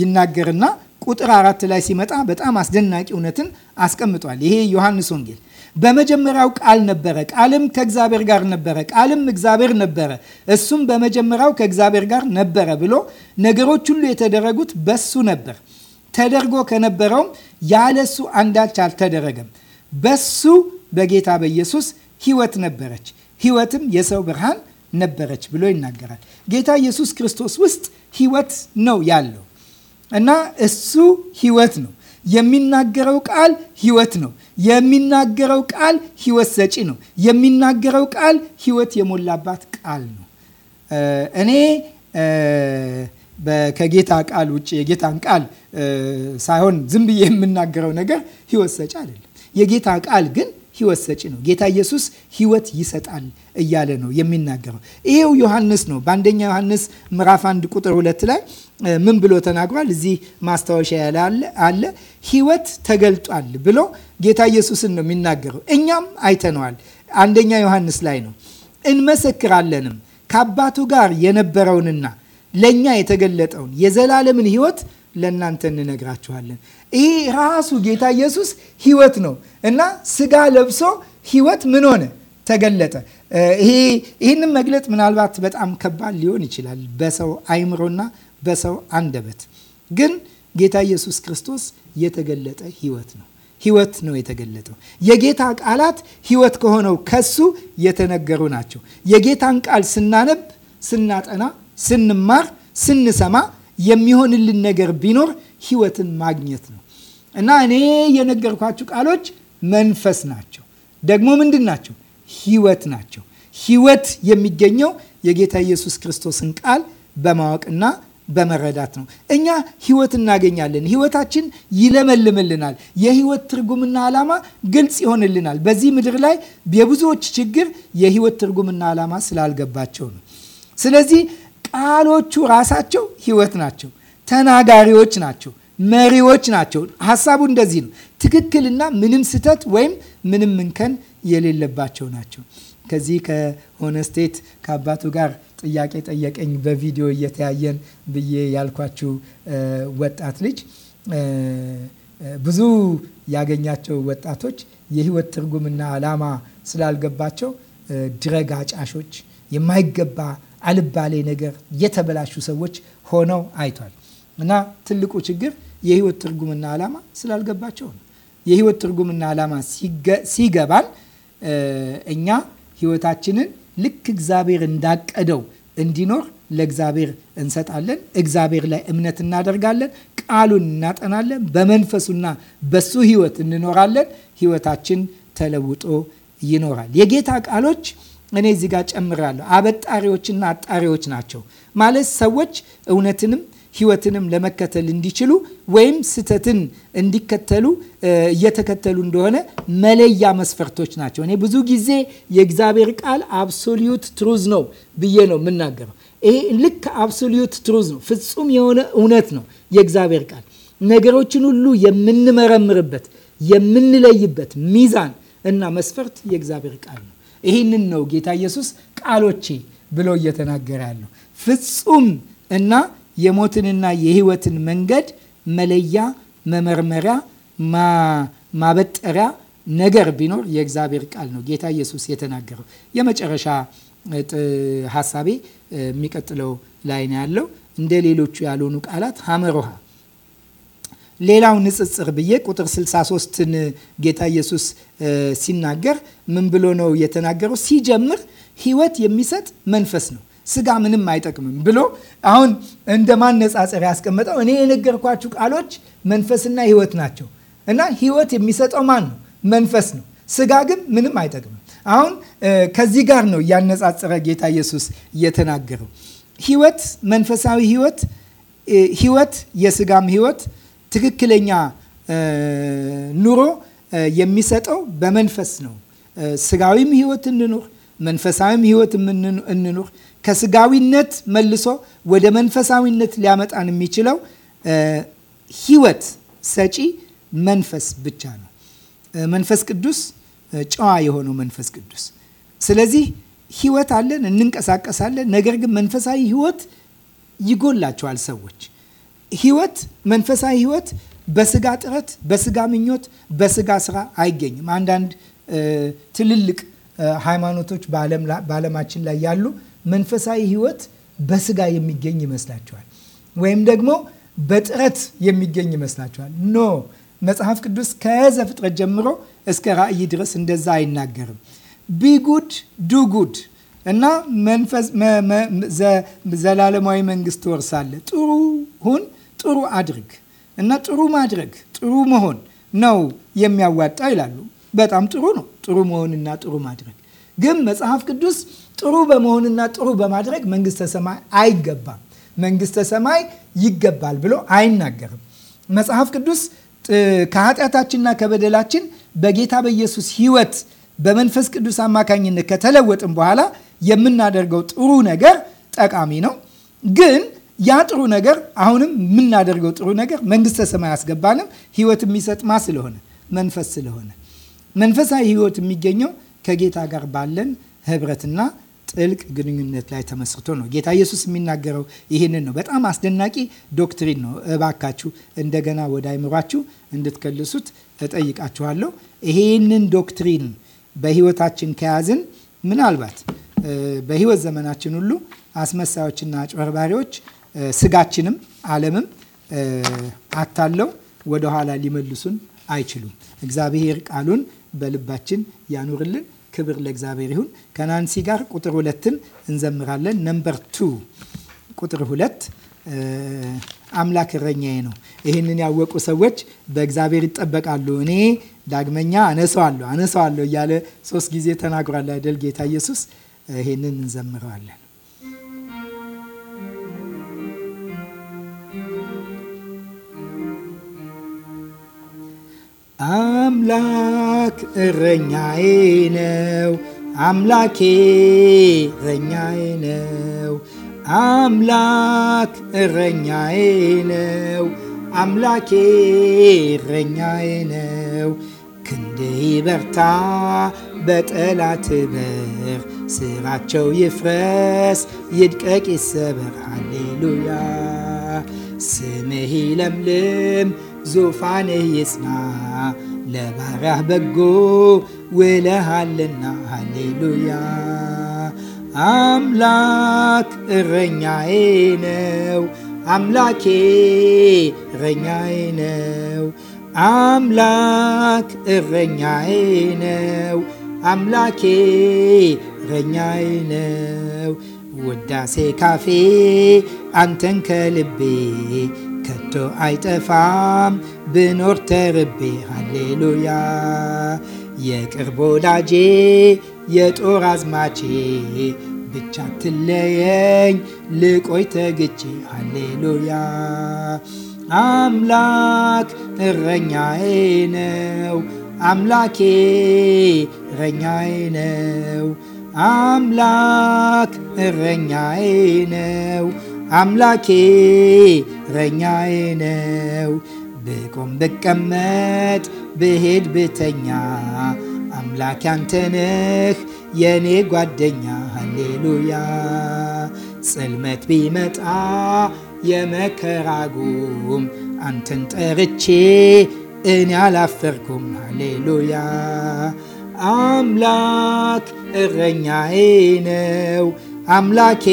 ይናገርና ቁጥር አራት ላይ ሲመጣ በጣም አስደናቂ እውነትን አስቀምጧል። ይሄ ዮሐንስ ወንጌል በመጀመሪያው ቃል ነበረ፣ ቃልም ከእግዚአብሔር ጋር ነበረ፣ ቃልም እግዚአብሔር ነበረ፣ እሱም በመጀመሪያው ከእግዚአብሔር ጋር ነበረ ብሎ ነገሮች ሁሉ የተደረጉት በሱ ነበር። ተደርጎ ከነበረውም ያለሱ አንዳች አልተደረገም። በሱ በጌታ በኢየሱስ ሕይወት ነበረች፣ ሕይወትም የሰው ብርሃን ነበረች ብሎ ይናገራል። ጌታ ኢየሱስ ክርስቶስ ውስጥ ሕይወት ነው ያለው እና እሱ ህይወት ነው። የሚናገረው ቃል ህይወት ነው። የሚናገረው ቃል ህይወት ሰጪ ነው። የሚናገረው ቃል ህይወት የሞላባት ቃል ነው። እኔ ከጌታ ቃል ውጭ የጌታን ቃል ሳይሆን ዝም ብዬ የምናገረው ነገር ህይወት ሰጪ አይደለም። የጌታ ቃል ግን ህይወት ሰጪ ነው። ጌታ ኢየሱስ ህይወት ይሰጣል እያለ ነው የሚናገረው። ይሄው ዮሐንስ ነው። በአንደኛ ዮሐንስ ምዕራፍ አንድ ቁጥር ሁለት ላይ ምን ብሎ ተናግሯል? እዚህ ማስታወሻ ያለ አለ። ህይወት ተገልጧል ብሎ ጌታ ኢየሱስን ነው የሚናገረው። እኛም አይተነዋል። አንደኛ ዮሐንስ ላይ ነው። እንመሰክራለንም ከአባቱ ጋር የነበረውንና ለእኛ የተገለጠውን የዘላለምን ህይወት ለእናንተ እንነግራችኋለን። ይህ ራሱ ጌታ ኢየሱስ ህይወት ነው እና ስጋ ለብሶ ህይወት ምን ሆነ ተገለጠ። ይህንም መግለጥ ምናልባት በጣም ከባድ ሊሆን ይችላል በሰው አይምሮና በሰው አንደበት። ግን ጌታ ኢየሱስ ክርስቶስ የተገለጠ ህይወት ነው። ህይወት ነው የተገለጠው። የጌታ ቃላት ህይወት ከሆነው ከሱ የተነገሩ ናቸው። የጌታን ቃል ስናነብ፣ ስናጠና፣ ስንማር፣ ስንሰማ የሚሆንልን ነገር ቢኖር ህይወትን ማግኘት ነው እና እኔ የነገርኳችሁ ቃሎች መንፈስ ናቸው። ደግሞ ምንድን ናቸው? ህይወት ናቸው። ህይወት የሚገኘው የጌታ ኢየሱስ ክርስቶስን ቃል በማወቅና በመረዳት ነው። እኛ ህይወት እናገኛለን። ህይወታችን ይለመልምልናል። የህይወት ትርጉምና ዓላማ ግልጽ ይሆንልናል። በዚህ ምድር ላይ የብዙዎች ችግር የህይወት ትርጉምና ዓላማ ስላልገባቸው ነው። ስለዚህ ቃሎቹ ራሳቸው ህይወት ናቸው። ተናጋሪዎች ናቸው። መሪዎች ናቸው። ሀሳቡ እንደዚህ ነው። ትክክልና ምንም ስህተት ወይም ምንም እንከን የሌለባቸው ናቸው። ከዚህ ከሆነ ስቴት ከአባቱ ጋር ጥያቄ ጠየቀኝ። በቪዲዮ እየተያየን ብዬ ያልኳችሁ ወጣት ልጅ ብዙ ያገኛቸው ወጣቶች የህይወት ትርጉምና አላማ ስላልገባቸው ድረግ አጫሾች፣ የማይገባ አልባሌ ነገር የተበላሹ ሰዎች ሆነው አይቷል። እና ትልቁ ችግር የህይወት ትርጉምና ዓላማ ስላልገባቸው ነው። የህይወት ትርጉምና ዓላማ ሲገባን እኛ ህይወታችንን ልክ እግዚአብሔር እንዳቀደው እንዲኖር ለእግዚአብሔር እንሰጣለን። እግዚአብሔር ላይ እምነት እናደርጋለን። ቃሉን እናጠናለን። በመንፈሱና በሱ ህይወት እንኖራለን። ህይወታችን ተለውጦ ይኖራል። የጌታ ቃሎች እኔ እዚህ ጋር ጨምራለሁ። አበጣሪዎችና አጣሪዎች ናቸው ማለት ሰዎች እውነትንም ህይወትንም ለመከተል እንዲችሉ ወይም ስህተትን እንዲከተሉ እየተከተሉ እንደሆነ መለያ መስፈርቶች ናቸው። እኔ ብዙ ጊዜ የእግዚአብሔር ቃል አብሶሊዩት ትሩዝ ነው ብዬ ነው የምናገረው። ይሄ ልክ አብሶሊዩት ትሩዝ ነው፣ ፍጹም የሆነ እውነት ነው የእግዚአብሔር ቃል ነገሮችን ሁሉ የምንመረምርበት የምንለይበት ሚዛን እና መስፈርት የእግዚአብሔር ቃል ነው። ይህንን ነው ጌታ ኢየሱስ ቃሎቼ ብሎ እየተናገረ ያለው። ፍጹም እና የሞትንና የህይወትን መንገድ መለያ፣ መመርመሪያ፣ ማበጠሪያ ነገር ቢኖር የእግዚአብሔር ቃል ነው። ጌታ ኢየሱስ የተናገረው የመጨረሻ ሀሳቤ የሚቀጥለው ላይ ነው ያለው። እንደ ሌሎቹ ያልሆኑ ቃላት ሀመሮሃ ሌላው ንጽጽር ብዬ ቁጥር 63ን ጌታ ኢየሱስ ሲናገር ምን ብሎ ነው የተናገረው? ሲጀምር ህይወት የሚሰጥ መንፈስ ነው ስጋ ምንም አይጠቅምም ብሎ አሁን እንደ ማነጻጸር ያስቀመጠው እኔ የነገርኳችሁ ቃሎች መንፈስና ህይወት ናቸው እና ህይወት የሚሰጠው ማን ነው? መንፈስ ነው። ስጋ ግን ምንም አይጠቅምም። አሁን ከዚህ ጋር ነው እያነጻጸረ ጌታ ኢየሱስ የተናገረው። ህይወት መንፈሳዊ ህይወት ህይወት የስጋም ህይወት? ትክክለኛ ኑሮ የሚሰጠው በመንፈስ ነው። ስጋዊም ህይወት እንኑር፣ መንፈሳዊም ህይወት እንኑር። ከስጋዊነት መልሶ ወደ መንፈሳዊነት ሊያመጣን የሚችለው ህይወት ሰጪ መንፈስ ብቻ ነው። መንፈስ ቅዱስ ጨዋ የሆነው መንፈስ ቅዱስ። ስለዚህ ህይወት አለን፣ እንንቀሳቀሳለን። ነገር ግን መንፈሳዊ ህይወት ይጎላቸዋል ሰዎች ህይወት፣ መንፈሳዊ ህይወት በስጋ ጥረት፣ በስጋ ምኞት፣ በስጋ ስራ አይገኝም። አንዳንድ ትልልቅ ሃይማኖቶች በዓለማችን ላይ ያሉ መንፈሳዊ ህይወት በስጋ የሚገኝ ይመስላቸዋል፣ ወይም ደግሞ በጥረት የሚገኝ ይመስላቸዋል። ኖ መጽሐፍ ቅዱስ ከዘፍጥረት ጀምሮ እስከ ራእይ ድረስ እንደዛ አይናገርም። ቢጉድ ዱጉድ እና መንፈስ ዘላለማዊ መንግስት ትወርሳለህ፣ ጥሩ ሁን ጥሩ አድርግ እና ጥሩ ማድረግ ጥሩ መሆን ነው የሚያዋጣ ይላሉ። በጣም ጥሩ ነው ጥሩ መሆንና ጥሩ ማድረግ። ግን መጽሐፍ ቅዱስ ጥሩ በመሆንና ጥሩ በማድረግ መንግስተ ሰማይ አይገባም፣ መንግስተ ሰማይ ይገባል ብሎ አይናገርም። መጽሐፍ ቅዱስ ከኃጢአታችንና ከበደላችን በጌታ በኢየሱስ ህይወት በመንፈስ ቅዱስ አማካኝነት ከተለወጥን በኋላ የምናደርገው ጥሩ ነገር ጠቃሚ ነው ግን ያ ጥሩ ነገር አሁንም የምናደርገው ጥሩ ነገር መንግስተ ሰማይ ያስገባንም ህይወት የሚሰጥ ማ ስለሆነ መንፈስ ስለሆነ መንፈሳዊ ህይወት የሚገኘው ከጌታ ጋር ባለን ህብረትና ጥልቅ ግንኙነት ላይ ተመስርቶ ነው። ጌታ ኢየሱስ የሚናገረው ይህንን ነው። በጣም አስደናቂ ዶክትሪን ነው። እባካችሁ እንደገና ወደ አይምሯችሁ እንድትከልሱት እጠይቃችኋለሁ። ይሄንን ዶክትሪን በህይወታችን ከያዝን ምናልባት በህይወት ዘመናችን ሁሉ አስመሳዮችና አጭበርባሪዎች ስጋችንም ዓለምም አታለው ወደኋላ ሊመልሱን አይችሉም። እግዚአብሔር ቃሉን በልባችን ያኑርልን። ክብር ለእግዚአብሔር ይሁን። ከናንሲ ጋር ቁጥር ሁለትን እንዘምራለን። ነምበር ቱ ቁጥር ሁለት አምላክ እረኛዬ ነው። ይህንን ያወቁ ሰዎች በእግዚአብሔር ይጠበቃሉ። እኔ ዳግመኛ አነሰዋለሁ አነሰዋለሁ እያለ ሶስት ጊዜ ተናግሯል አይደል ጌታ ኢየሱስ። ይህንን እንዘምረዋለን። አምላክ እረኛዬ ነው። አምላኬ እረኛዬ ነው። አምላክ እረኛዬ ነው። አምላኬ እረኛዬ ነው። ክንድህ ይበርታ በጠላት በር፣ ስራቸው ይፍረስ ይድቀቅ ይሰበር። ሃሌሉያ ስምህ ለምልም ዙፋንህ ይጽና ለባሪያህ በጎ ውለሃልና። ሃሌሉያ አምላክ እረኛዬ ነው። አምላኬ እረኛዬ ነው። አምላክ እረኛዬ ነው። አምላኬ እረኛዬ ነው። ውዳሴ ካፌ አንተን ከልቤ ከቶ አይጠፋም ብኖር ተርቤ ሃሌሉያ የቅርቦ ወዳጄ የጦር አዝማቼ ብቻ ትለየኝ ልቆይ ተግቼ ሃሌሉያ አምላክ እረኛዬ ነው አምላኬ እረኛዬ ነው አምላክ እረኛዬ ነው አምላኬ እረኛዬ ነው። ብቆም ብቀመጥ፣ ብሄድ ብተኛ አምላኬ አንተ ነህ የእኔ ጓደኛ። ሃሌሉያ ጽልመት ቢመጣ የመከራ ጉም አንተን ጠርቼ እኔ አላፈርኩም። ሃሌሉያ አምላክ እረኛዬ ነው አምላኬ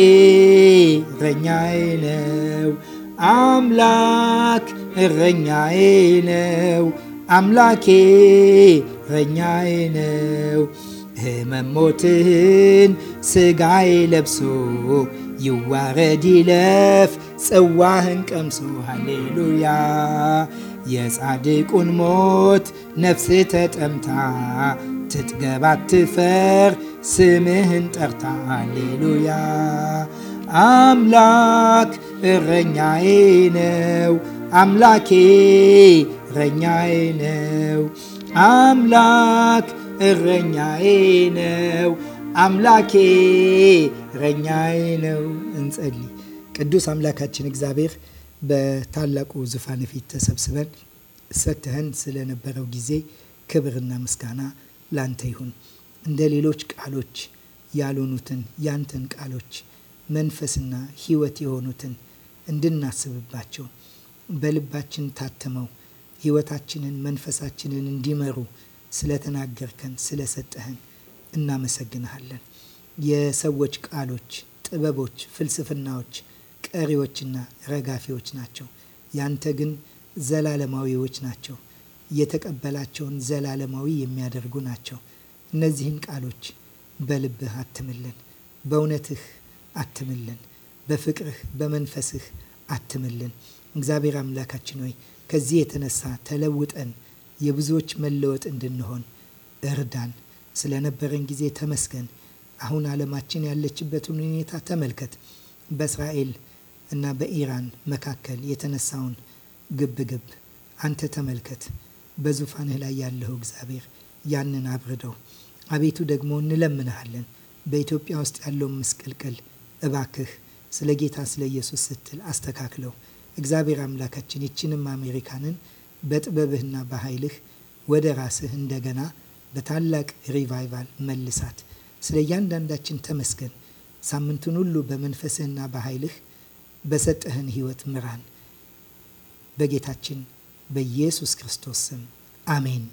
እረኛዬ ነው። አምላክ እረኛዬ ነው። አምላኬ እረኛዬ ነው። ህመሞትህን ስጋዬ ለብሶ ይዋረድ ይለፍ ጽዋህን ቀምሶ ሃሌሉያ የጻድቁን ሞት ነፍስ ተጠምታ ትጥገብ አትፈር፣ ስምህን ጠርታ አሌሉያ። አምላክ እረኛዬ ነው፣ አምላኬ እረኛዬ ነው። አምላክ እረኛዬ ነው፣ አምላኬ እረኛዬ ነው። እንጸልይ። ቅዱስ አምላካችን እግዚአብሔር በታላቁ ዙፋን ፊት ተሰብስበን ሰጥተህን ስለነበረው ጊዜ ክብርና ምስጋና ላንተ ይሁን። እንደ ሌሎች ቃሎች ያልሆኑትን ያንተን ቃሎች መንፈስና ሕይወት የሆኑትን እንድናስብባቸው በልባችን ታትመው ሕይወታችንን መንፈሳችንን እንዲመሩ ስለተናገርከን ስለሰጠህን እናመሰግንሃለን። የሰዎች ቃሎች፣ ጥበቦች፣ ፍልስፍናዎች ቀሪዎችና ረጋፊዎች ናቸው። ያንተ ግን ዘላለማዊዎች ናቸው። የተቀበላቸውን ዘላለማዊ የሚያደርጉ ናቸው። እነዚህን ቃሎች በልብህ አትምልን፣ በእውነትህ አትምልን፣ በፍቅርህ በመንፈስህ አትምልን። እግዚአብሔር አምላካችን ሆይ ከዚህ የተነሳ ተለውጠን የብዙዎች መለወጥ እንድንሆን እርዳን። ስለነበረን ጊዜ ተመስገን። አሁን ዓለማችን ያለችበትን ሁኔታ ተመልከት። በእስራኤል እና በኢራን መካከል የተነሳውን ግብግብ አንተ ተመልከት። በዙፋንህ ላይ ያለው እግዚአብሔር ያንን አብርደው። አቤቱ ደግሞ እንለምንሃለን በኢትዮጵያ ውስጥ ያለውን ምስቅልቅል እባክህ ስለ ጌታ ስለ ኢየሱስ ስትል አስተካክለው። እግዚአብሔር አምላካችን ይችንም አሜሪካንን በጥበብህና በኃይልህ ወደ ራስህ እንደገና በታላቅ ሪቫይቫል መልሳት። ስለ እያንዳንዳችን ተመስገን። ሳምንቱን ሁሉ በመንፈስህና በኃይልህ በሰጠህን ሕይወት ምራን። በጌታችን በኢየሱስ ክርስቶስ ስም አሜን።